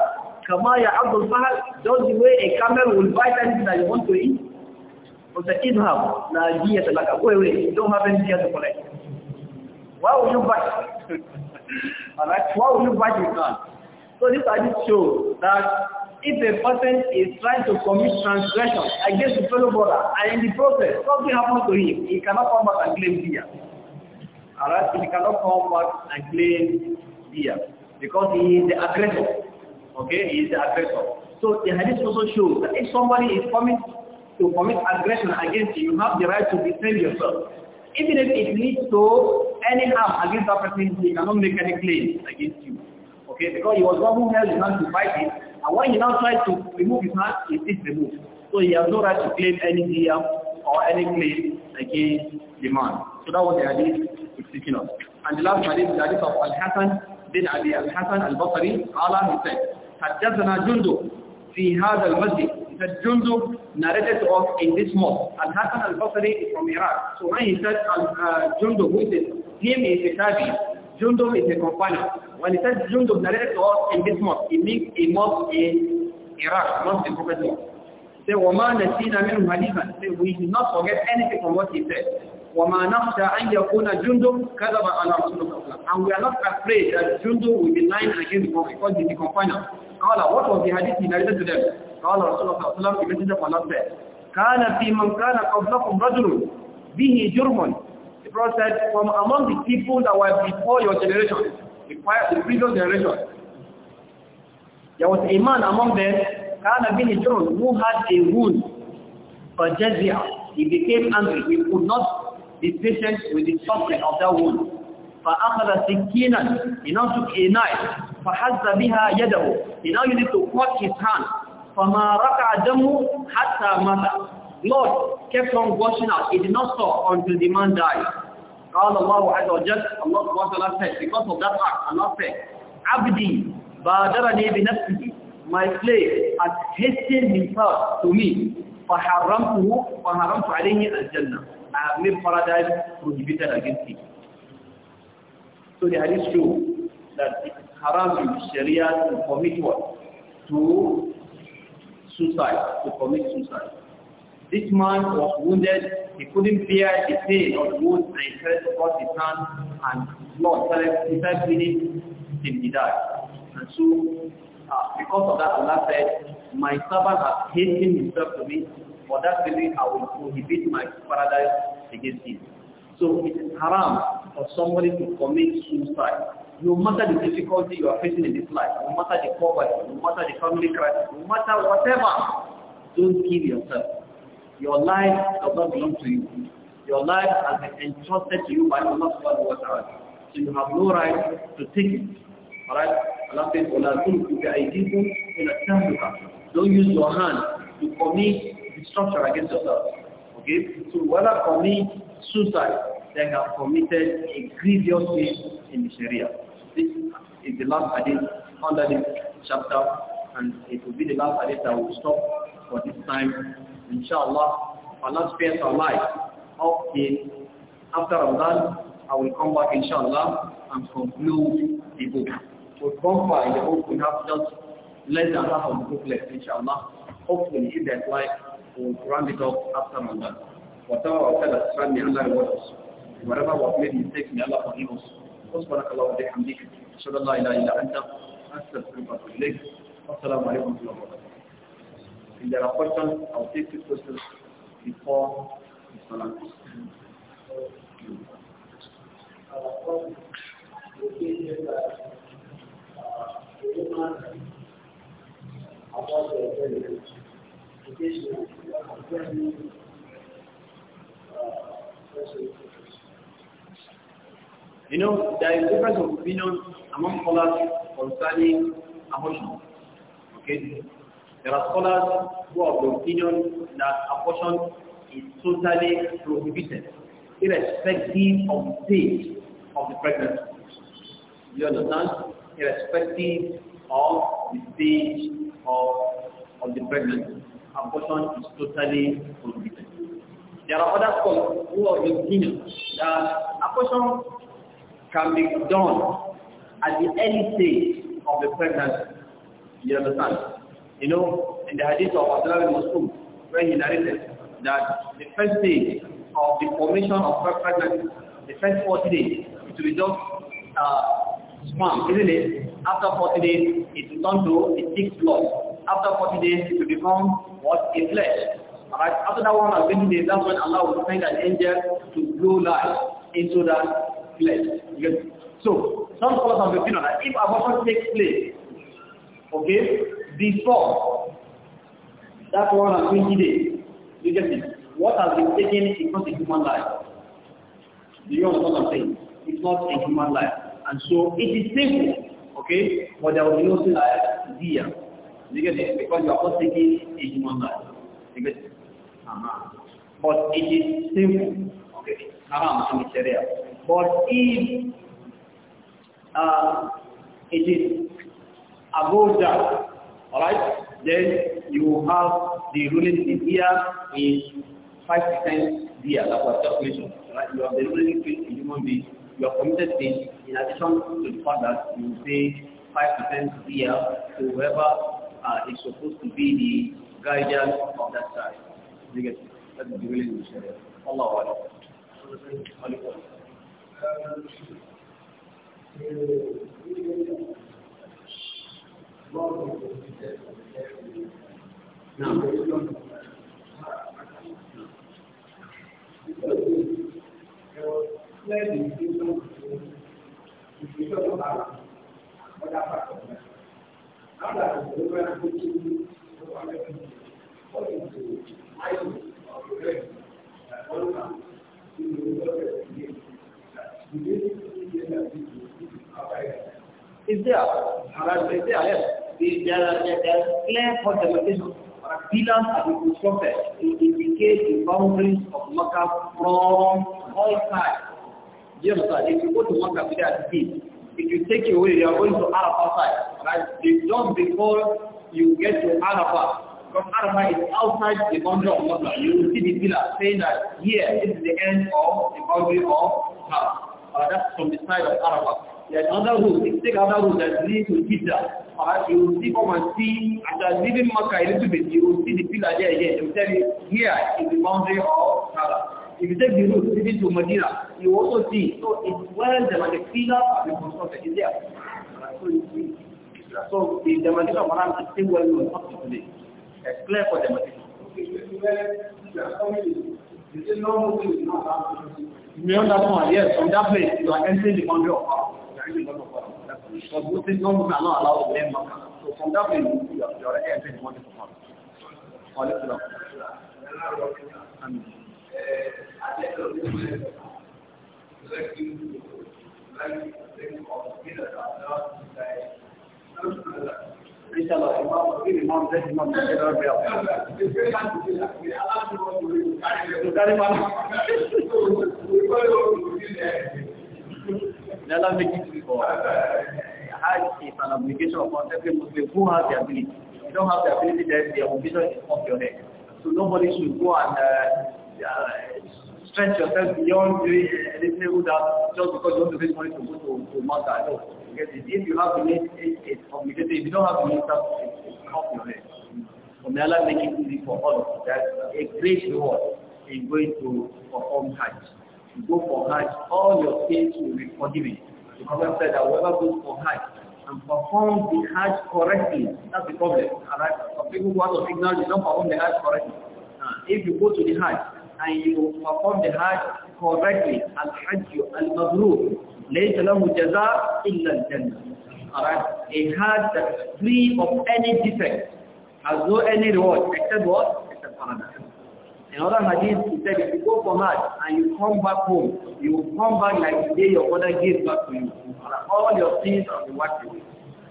كما يعبد الفهل just the way a camel will bite anything that you want to eat but the Ibham لا جية لك go Wait, you don't have any here to collect why would you bite [LAUGHS] alright why would you bite your hand so this I just show that if a person is trying to commit transgression against a fellow brother and in the process something happens to him, he cannot come back and claim dia. Alright, he cannot come back and claim dia because he is the aggressor. Okay, he is the aggressor. So the hadith also shows that if somebody is coming to commit aggression against you, you have the right to defend yourself. Even if it leads to any harm against that person, he cannot make any claim against you. Okay, because he was one who held his hand to fight him, and when he now tried to remove his hand, it is removed. So he has no right to claim any deer or any claim against the man. So that was the hadith we speaking of. And the last hadith, the hadith of Al-Hasan bin Abi Al-Hasan Al-Basri, Allah he said, حدثنا جندب في هذا المسجد said, Jundub narrated to us in this mosque. Al-Hassan al-Basri is from Iraq. So when he said uh, Jundub, who is it? Him is a Tabi. Jundub is a companion. When he says Jundub narrated to us in this month, it means a month in Iraq, not the Prophet month. Say, Say, we did not forget anything from what he said. And we are not afraid that Jundub will be lying against the Prophet because he's a companion. what was the hadith he narrated to them? Qala Rasulullah sallallahu the messenger of Allah said, كَانَ فِي مَنْ كَانَ قَبْلَكُمْ رَجُلٌ بِهِ جُرْمٌ from among the people that were before your generation, the previous generation, there was a man among them, Kana bin Hijron, who had a wound for Jezia. He became angry. He could not be patient with the suffering of that wound. فأخذ سكينا He now took a knife. فحز بها يده He now used to cut his hand. فما ركع دمه حتى مات. Lord kept on washing out. He did not stop until the man died. قال الله عز وجل الله سبحانه وتعالى في because of that act عبدي بادرني Abdi my slave has hastened himself to me فحرمته فحرمت عليه الجنة I have made paradise prohibited against him so the hadith show that it's haram in Sharia to commit what to suicide to commit suicide This man was wounded. He couldn't bear the pain of wounds and he fell his hand and Lord started, he started bleeding till he died. And so, uh, because of that, Allah said, my servant has hastened himself to me. For that reason, I will prohibit my paradise against him. So it is haram for somebody to commit suicide. No matter the difficulty you are facing in this life, no matter the poverty, no matter the family crisis, no matter whatever, don't kill yourself. Your life does not belong to you. Your life has been entrusted to you by Allah subhanahu wa ta'ala. So you have no right to take it. Alright? Allah says, وَلَا تُلْكُ بِأَيْدِيكُمْ إِلَى التَّهْلُكَ Don't use your hand to commit destruction against yourself. Okay? So whether commit suicide, they have committed a grievous sin in the Sharia. This is the last hadith under this chapter and it will be the last hadith that will stop for this time Inshallah, Allah spares our life. Up after Ramadan, I will come back inshallah and conclude the book. We'll come back in the book, we have just less than half of the book left inshallah. Hopefully, if that's life, we'll round it up after Ramadan. Whatever our fellows trying, may Allah reward us. Whatever was made mistakes, may Allah forgive us. سبحانك اللهم وبحمدك اشهد ان لا اله الا انت استغفرك واتوب اليك والسلام عليكم ورحمه الله وبركاته if there are questions, I'll take the questions before the salam. You know, there is difference of opinion among scholars concerning abortion. Okay? There are scholars who are of the opinion that abortion is totally prohibited, irrespective of the stage of the pregnancy. You understand? Irrespective of the stage of, of the pregnancy, abortion is totally prohibited. There are other scholars who are of the opinion that abortion can be done at the early stage of the pregnancy. You understand? You know, in the hadith of Abdullah Muslim, where he narrated that the first day of the formation of pregnancy, the first 40 days, it will just uh, isn't it? After 40 days, it will turn to a thick blood. After 40 days, it will become what? A flesh. Alright, after that one of 20 days, that's when Allah will send an angel to blow life into that flesh. So, some scholars have been that if abortion takes place, okay, before that one and twenty days. You get me? What has been taken is not a human life. Do you understand what I'm saying? It's not a human life. And so it is simple, okay? But there will be no sin like dear. You get it? Because you are not taking a human life. You get it? Uh-huh. But it is simple. Okay. Haram in this area. But if uh, it is above that, Alright? Then you have the ruling in here is 5% year. that was calculation. Right? You have the ruling in human being. You have committed this. in addition to the fact that you pay 5% year to whoever uh, is supposed to be the guardian of that side. You get That is the ruling in Sharia. Allah wa. نعم Is there? Is there? Yes there are there are clear fundamentation or pillars have been to indicate the boundaries of Makkah from all sides. You understand? If you go to Makkah today at peace, if you take away, you are going to Arafah side, right? It's done before you get to Arafah. Because Arafah is outside the boundary of Makkah. You will see the pillar saying that here is the end of the boundary of Makkah. Uh, that's from the side of Arafah. There's other routes, take other routes that lead to Giza. Perhaps you will see, from and see, after leaving Makkah a little bit, you will see the pillar there again. They will tell you, here is the boundary of Kaaba. If you take the route leading to Medina, you also see. So it's where the like pillar and the construction is there. So, the demarcation of Haram is still well known up to today. It's clear for demarcation. You that one, yes, from that place you are entering the boundary of Haram. Because Muslims don't are not allowed to blame Makkah. So from that point, you are already entering the money for Makkah. For let's go. Thank you. May Allah make it easy for Hajj is an obligation upon every Muslim who has the ability. you don't have the ability, then the obligation is off your head. So nobody should go and uh, uh, stretch yourself beyond doing anything that just because you want to raise money to go to, to Mecca. No. Because if you have the need, it, it's obligatory. If you don't have the need, it's, it's off your head. So may Allah make it easy for all of us. That's a great reward in going to perform Hajj you go for Hajj, all your sins will be forgiven. The Prophet said that whoever goes for Hajj and performs the Hajj correctly, that's the problem. Alright, Some people who out of ignorance don't perform the Hajj correctly. Uh, if you go to the Hajj and you perform the Hajj correctly, Al-Hajj al-Mabrur, لَيْسَ لَهُ جَزَاء إِلَّا الْجَنَّةِ Alright, a Hajj that is free of any defect, has no any reward, except what? Except paradise. In other hadith, he said, if you go for Hajj and you come back home, you will come back like the day your father gave back to you. all your sins are be washed away.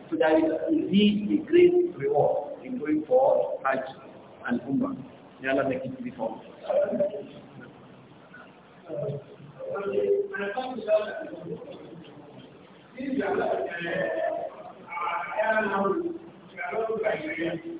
So that you see the great reward in going for Hajj and Umrah. May Allah make it before. Thank uh, uh, you.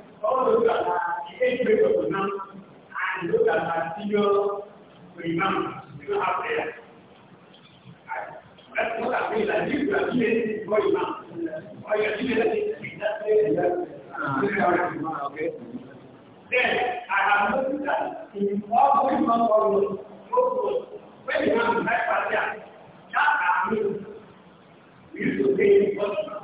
all look at the entry of the month and look at the single imam you have there. That's what I mean, like you are doing Then I have noticed that in all when you have the right that I mean, we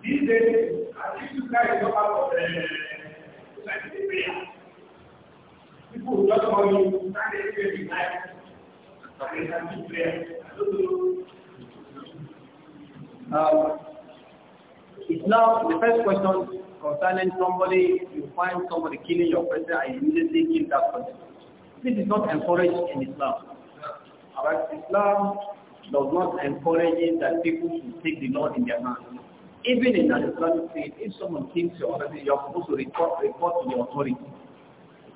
These you It's now the first question concerning somebody, you find somebody killing your person and immediately kill that person. This is not encouraged in Islam. Our Islam does not encourage that people should take the law in their hands. Even in an Islamic state, if someone kills your person, you're supposed to report, report to the authority.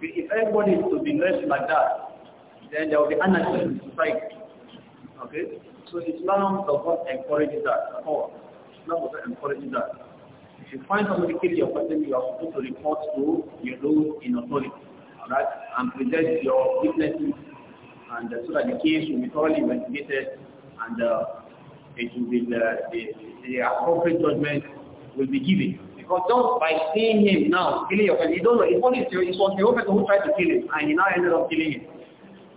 if everybody is to be dressed like that, then there will be anarchy in society. Okay? So Islam does not encourage that at all. Islam was not encouraging that. If you find somebody killed your person, you are supposed to report to your those in authority, alright, And present your witnesses, and uh, so that the case will be thoroughly investigated, and uh, it will be uh, the, the, appropriate judgment will be given. Because just by seeing him now, killing your friend, you don't know, it was, it was the person who tried to kill him, and he now ended up killing him.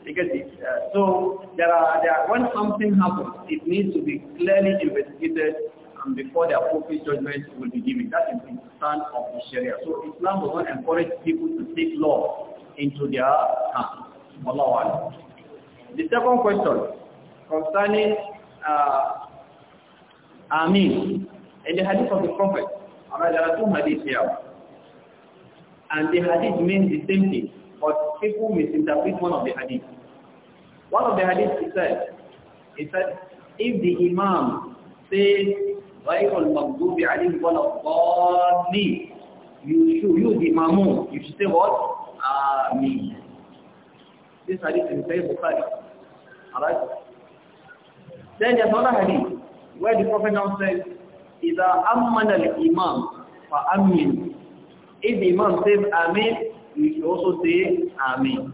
Because it, uh, so there are, there when something happens, it needs to be clearly investigated and um, before the appropriate judgment will be given. That is the stand of the Sharia. So Islam does not encourage people to take law into their hands. Allah The second question concerning uh, Amin. In the hadith of the Prophet, right, there are two hadiths here. And the hadith means the same thing, but people misinterpret one of the hadith. One of the hadith he said, he said, if the Imam says غير المغضوب عليهم ولا الضالين you should use the mamun you should say what amin this hadith in Sahih Bukhari alright then there's another hadith where the prophet now says إذا أمن الإمام فأمن if the imam says amin you should also say 'Amen.'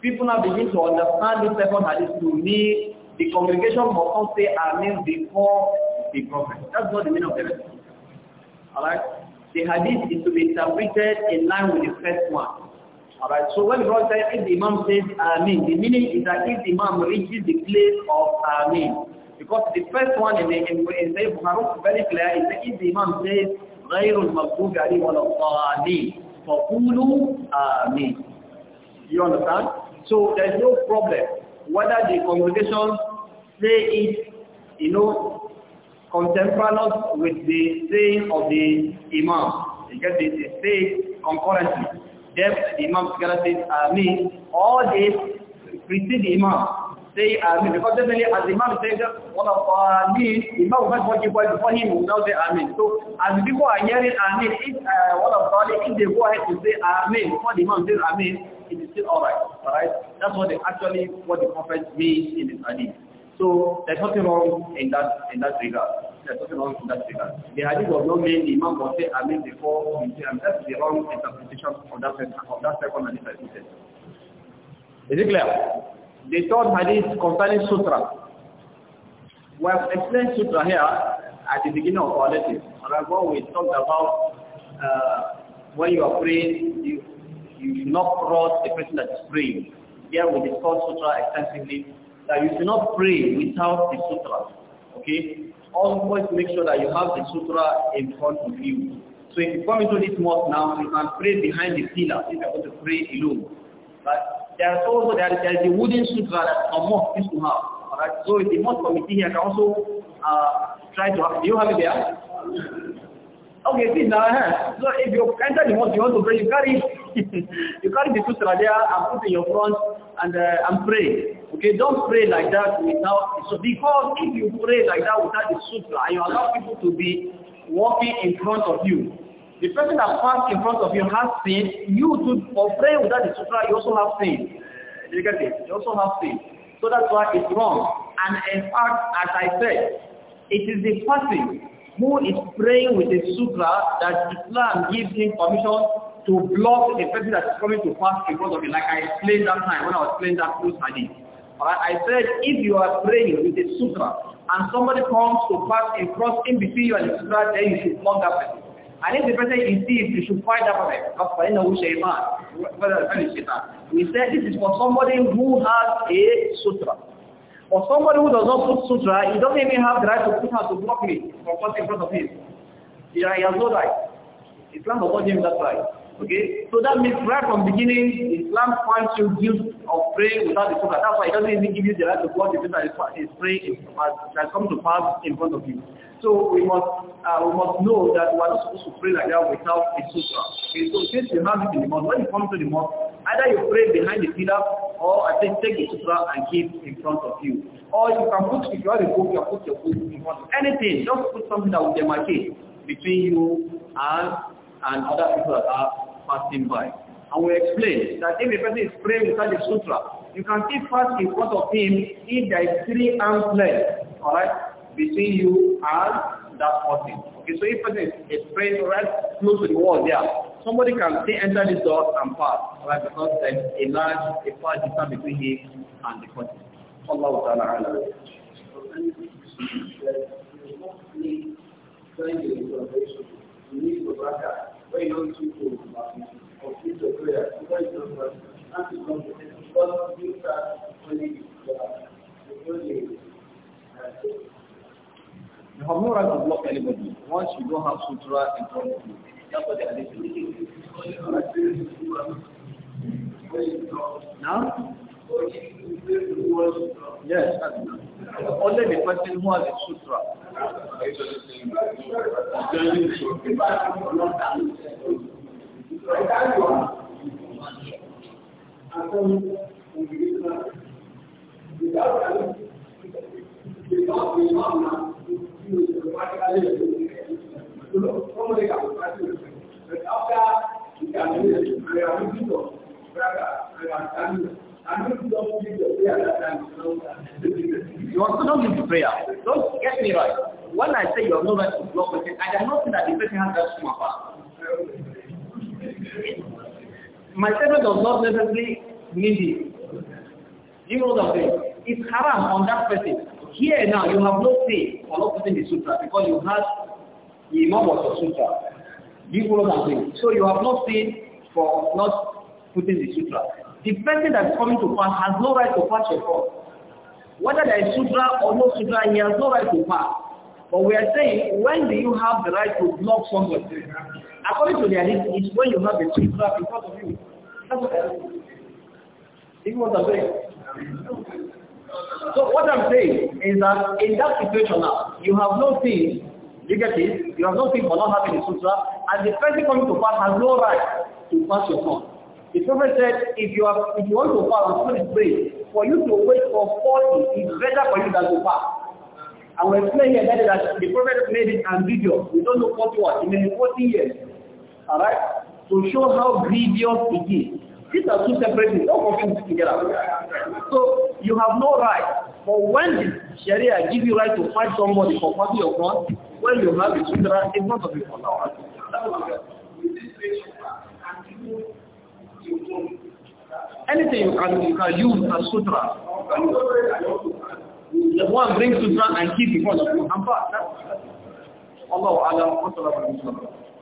people now begin to understand this second hadith to me the congregation must not say 'Amen' before the Prophet. That's what the meaning of the verse. Alright? The hadith is to be interpreted in line with the first one. Alright, so when the says, if the Imam says Ameen, the meaning is that if the Imam reaches the place of Ameen, because the first one in the in, in Sayyid Bukhari very clear is that if the Imam says, غير المغضوب عليه ولا الضالين فقولوا آمين. You understand? So there's no problem whether the congregation say it, you know, contemporaneous with the saying of the Imam. Because they, they say concurrently. Then the Imam together says Ameen. All these precede the Imam. Say Ameen. Because definitely as the Imam says one of our the Imam will not watch before him will now say Ameen. So as people are hearing Ameen, if uh, one of our if they go ahead to say Ameen before the Imam says Ameen, it is still alright. Alright? That's what they actually what the Prophet means in his hadith. So there's nothing wrong in that in that regard. there's nothing wrong with that figure. The hadith was not made Imam was say Amin before we say Amin. That's the wrong interpretation of that, of that second hadith I said. Is it clear? The third hadith concerning sutra. We have explained sutra here at the beginning of our lesson. Remember we talked about uh, when you are praying, you, you should not cross the person that is praying. Here we discuss sutra extensively that you should not pray without the sutra. Okay? always make sure that you have the sutra in front of you. So if you come into this mosque now, you can pray behind the pillar if you're going to pray alone. But there is also there is, there is a wooden sutra that a mosque used to have. Alright, so the mosque committee here can also uh, try to have. Do you have it there? Okay, see now. Huh? So if you enter the mosque, you want to pray, you carry [LAUGHS] you carry the sutra there and put in your front and uh, and pray. Okay, don't pray like that without, so because if you pray like that without the sutra, you allow people to be walking in front of you. The person that passed in front of you has sin, you to for praying without the sutra, you also have sin. You get it? You also have sin. So that's why it's wrong. And in fact, as I said, it is the person who is praying with the sutra that Islam gives him permission to block the person that is coming to pass in front of him, like I explained that time when I was explaining that through hadith. Right? I said if you are praying with a sutra and somebody comes to pass a cross in between you and the sutra, then you should flog that person. And if the person insists, you should fight that person. we said this is for somebody who has a sutra. For somebody who does not put sutra, he doesn't even have the right to put her to block me from passing in front of him. He has no right. Islam does not give him that right. Okay? So that means right from beginning, Islam finds you guilt of praying without the sunnah. That's why it doesn't even give you the right to go to the that is praying that comes to pass in front of you. So we must uh, we must know that we are supposed to pray like that without a sutra. Okay, so since you have it in the mosque, when you come to the mosque, either you pray behind the pillar or at least take the sutra and keep in front of you. Or you can put if you have a book, you can put your book in front of anything. Just put something that will demarcate between you and and other people that are passing by. And we explain that if a person is praying without the sutra, you can see fast in front of him if there is three arms length, all right, between you and that person. Okay, so if a person is praying right close to the wall there, yeah, somebody can still enter the door and pass, all right, because there's a large, a far distance between him and the person. Allah Ta'ala. Thank you where you don't need to complete your prayer, because you don't want to be complicated, because you start only you have no right to block anybody once you don't have sutra in front of you. That's what Now? Yes, only the person who has a sutra. I say you have no right to block person, I not see that the person has that stomach fast. My statement does not necessarily mean this. You know that i It's haram on that person. Here now, you have no say for not putting the sutra because you had the imam of the sutra. You know that i So you have no say for not putting the sutra. The person that is coming to pass has no right to pass your Whether there is sutra or no sutra, he has no right to pass. But we are saying, when do you have the right to block someone? According to the list, it's when you have the chief in front of you. That's what I what I'm saying. So what I'm saying is that in that situation now, you have no thing, you get it, you have no thing for not having a sutra, and the person coming to pass has no right to pass your phone. The prophet said, if you are, if you want to pass, the phone is For you to wait for 40 is better for you than to pass. I will explain here that, that the prophet made it ambiguous. We don't know what it was. It may be 40 years. All right? To show how grievous it is. These are two separate things. Don't confuse together. So you have no right. For when the Sharia give you right to fight somebody for party of God, when you have a children, it's not of you for now. Anything you can, you can use as sutra. The one brings to and keep in front of you. And Allah, Allah, Allah, Allah, Allah, Allah, Allah,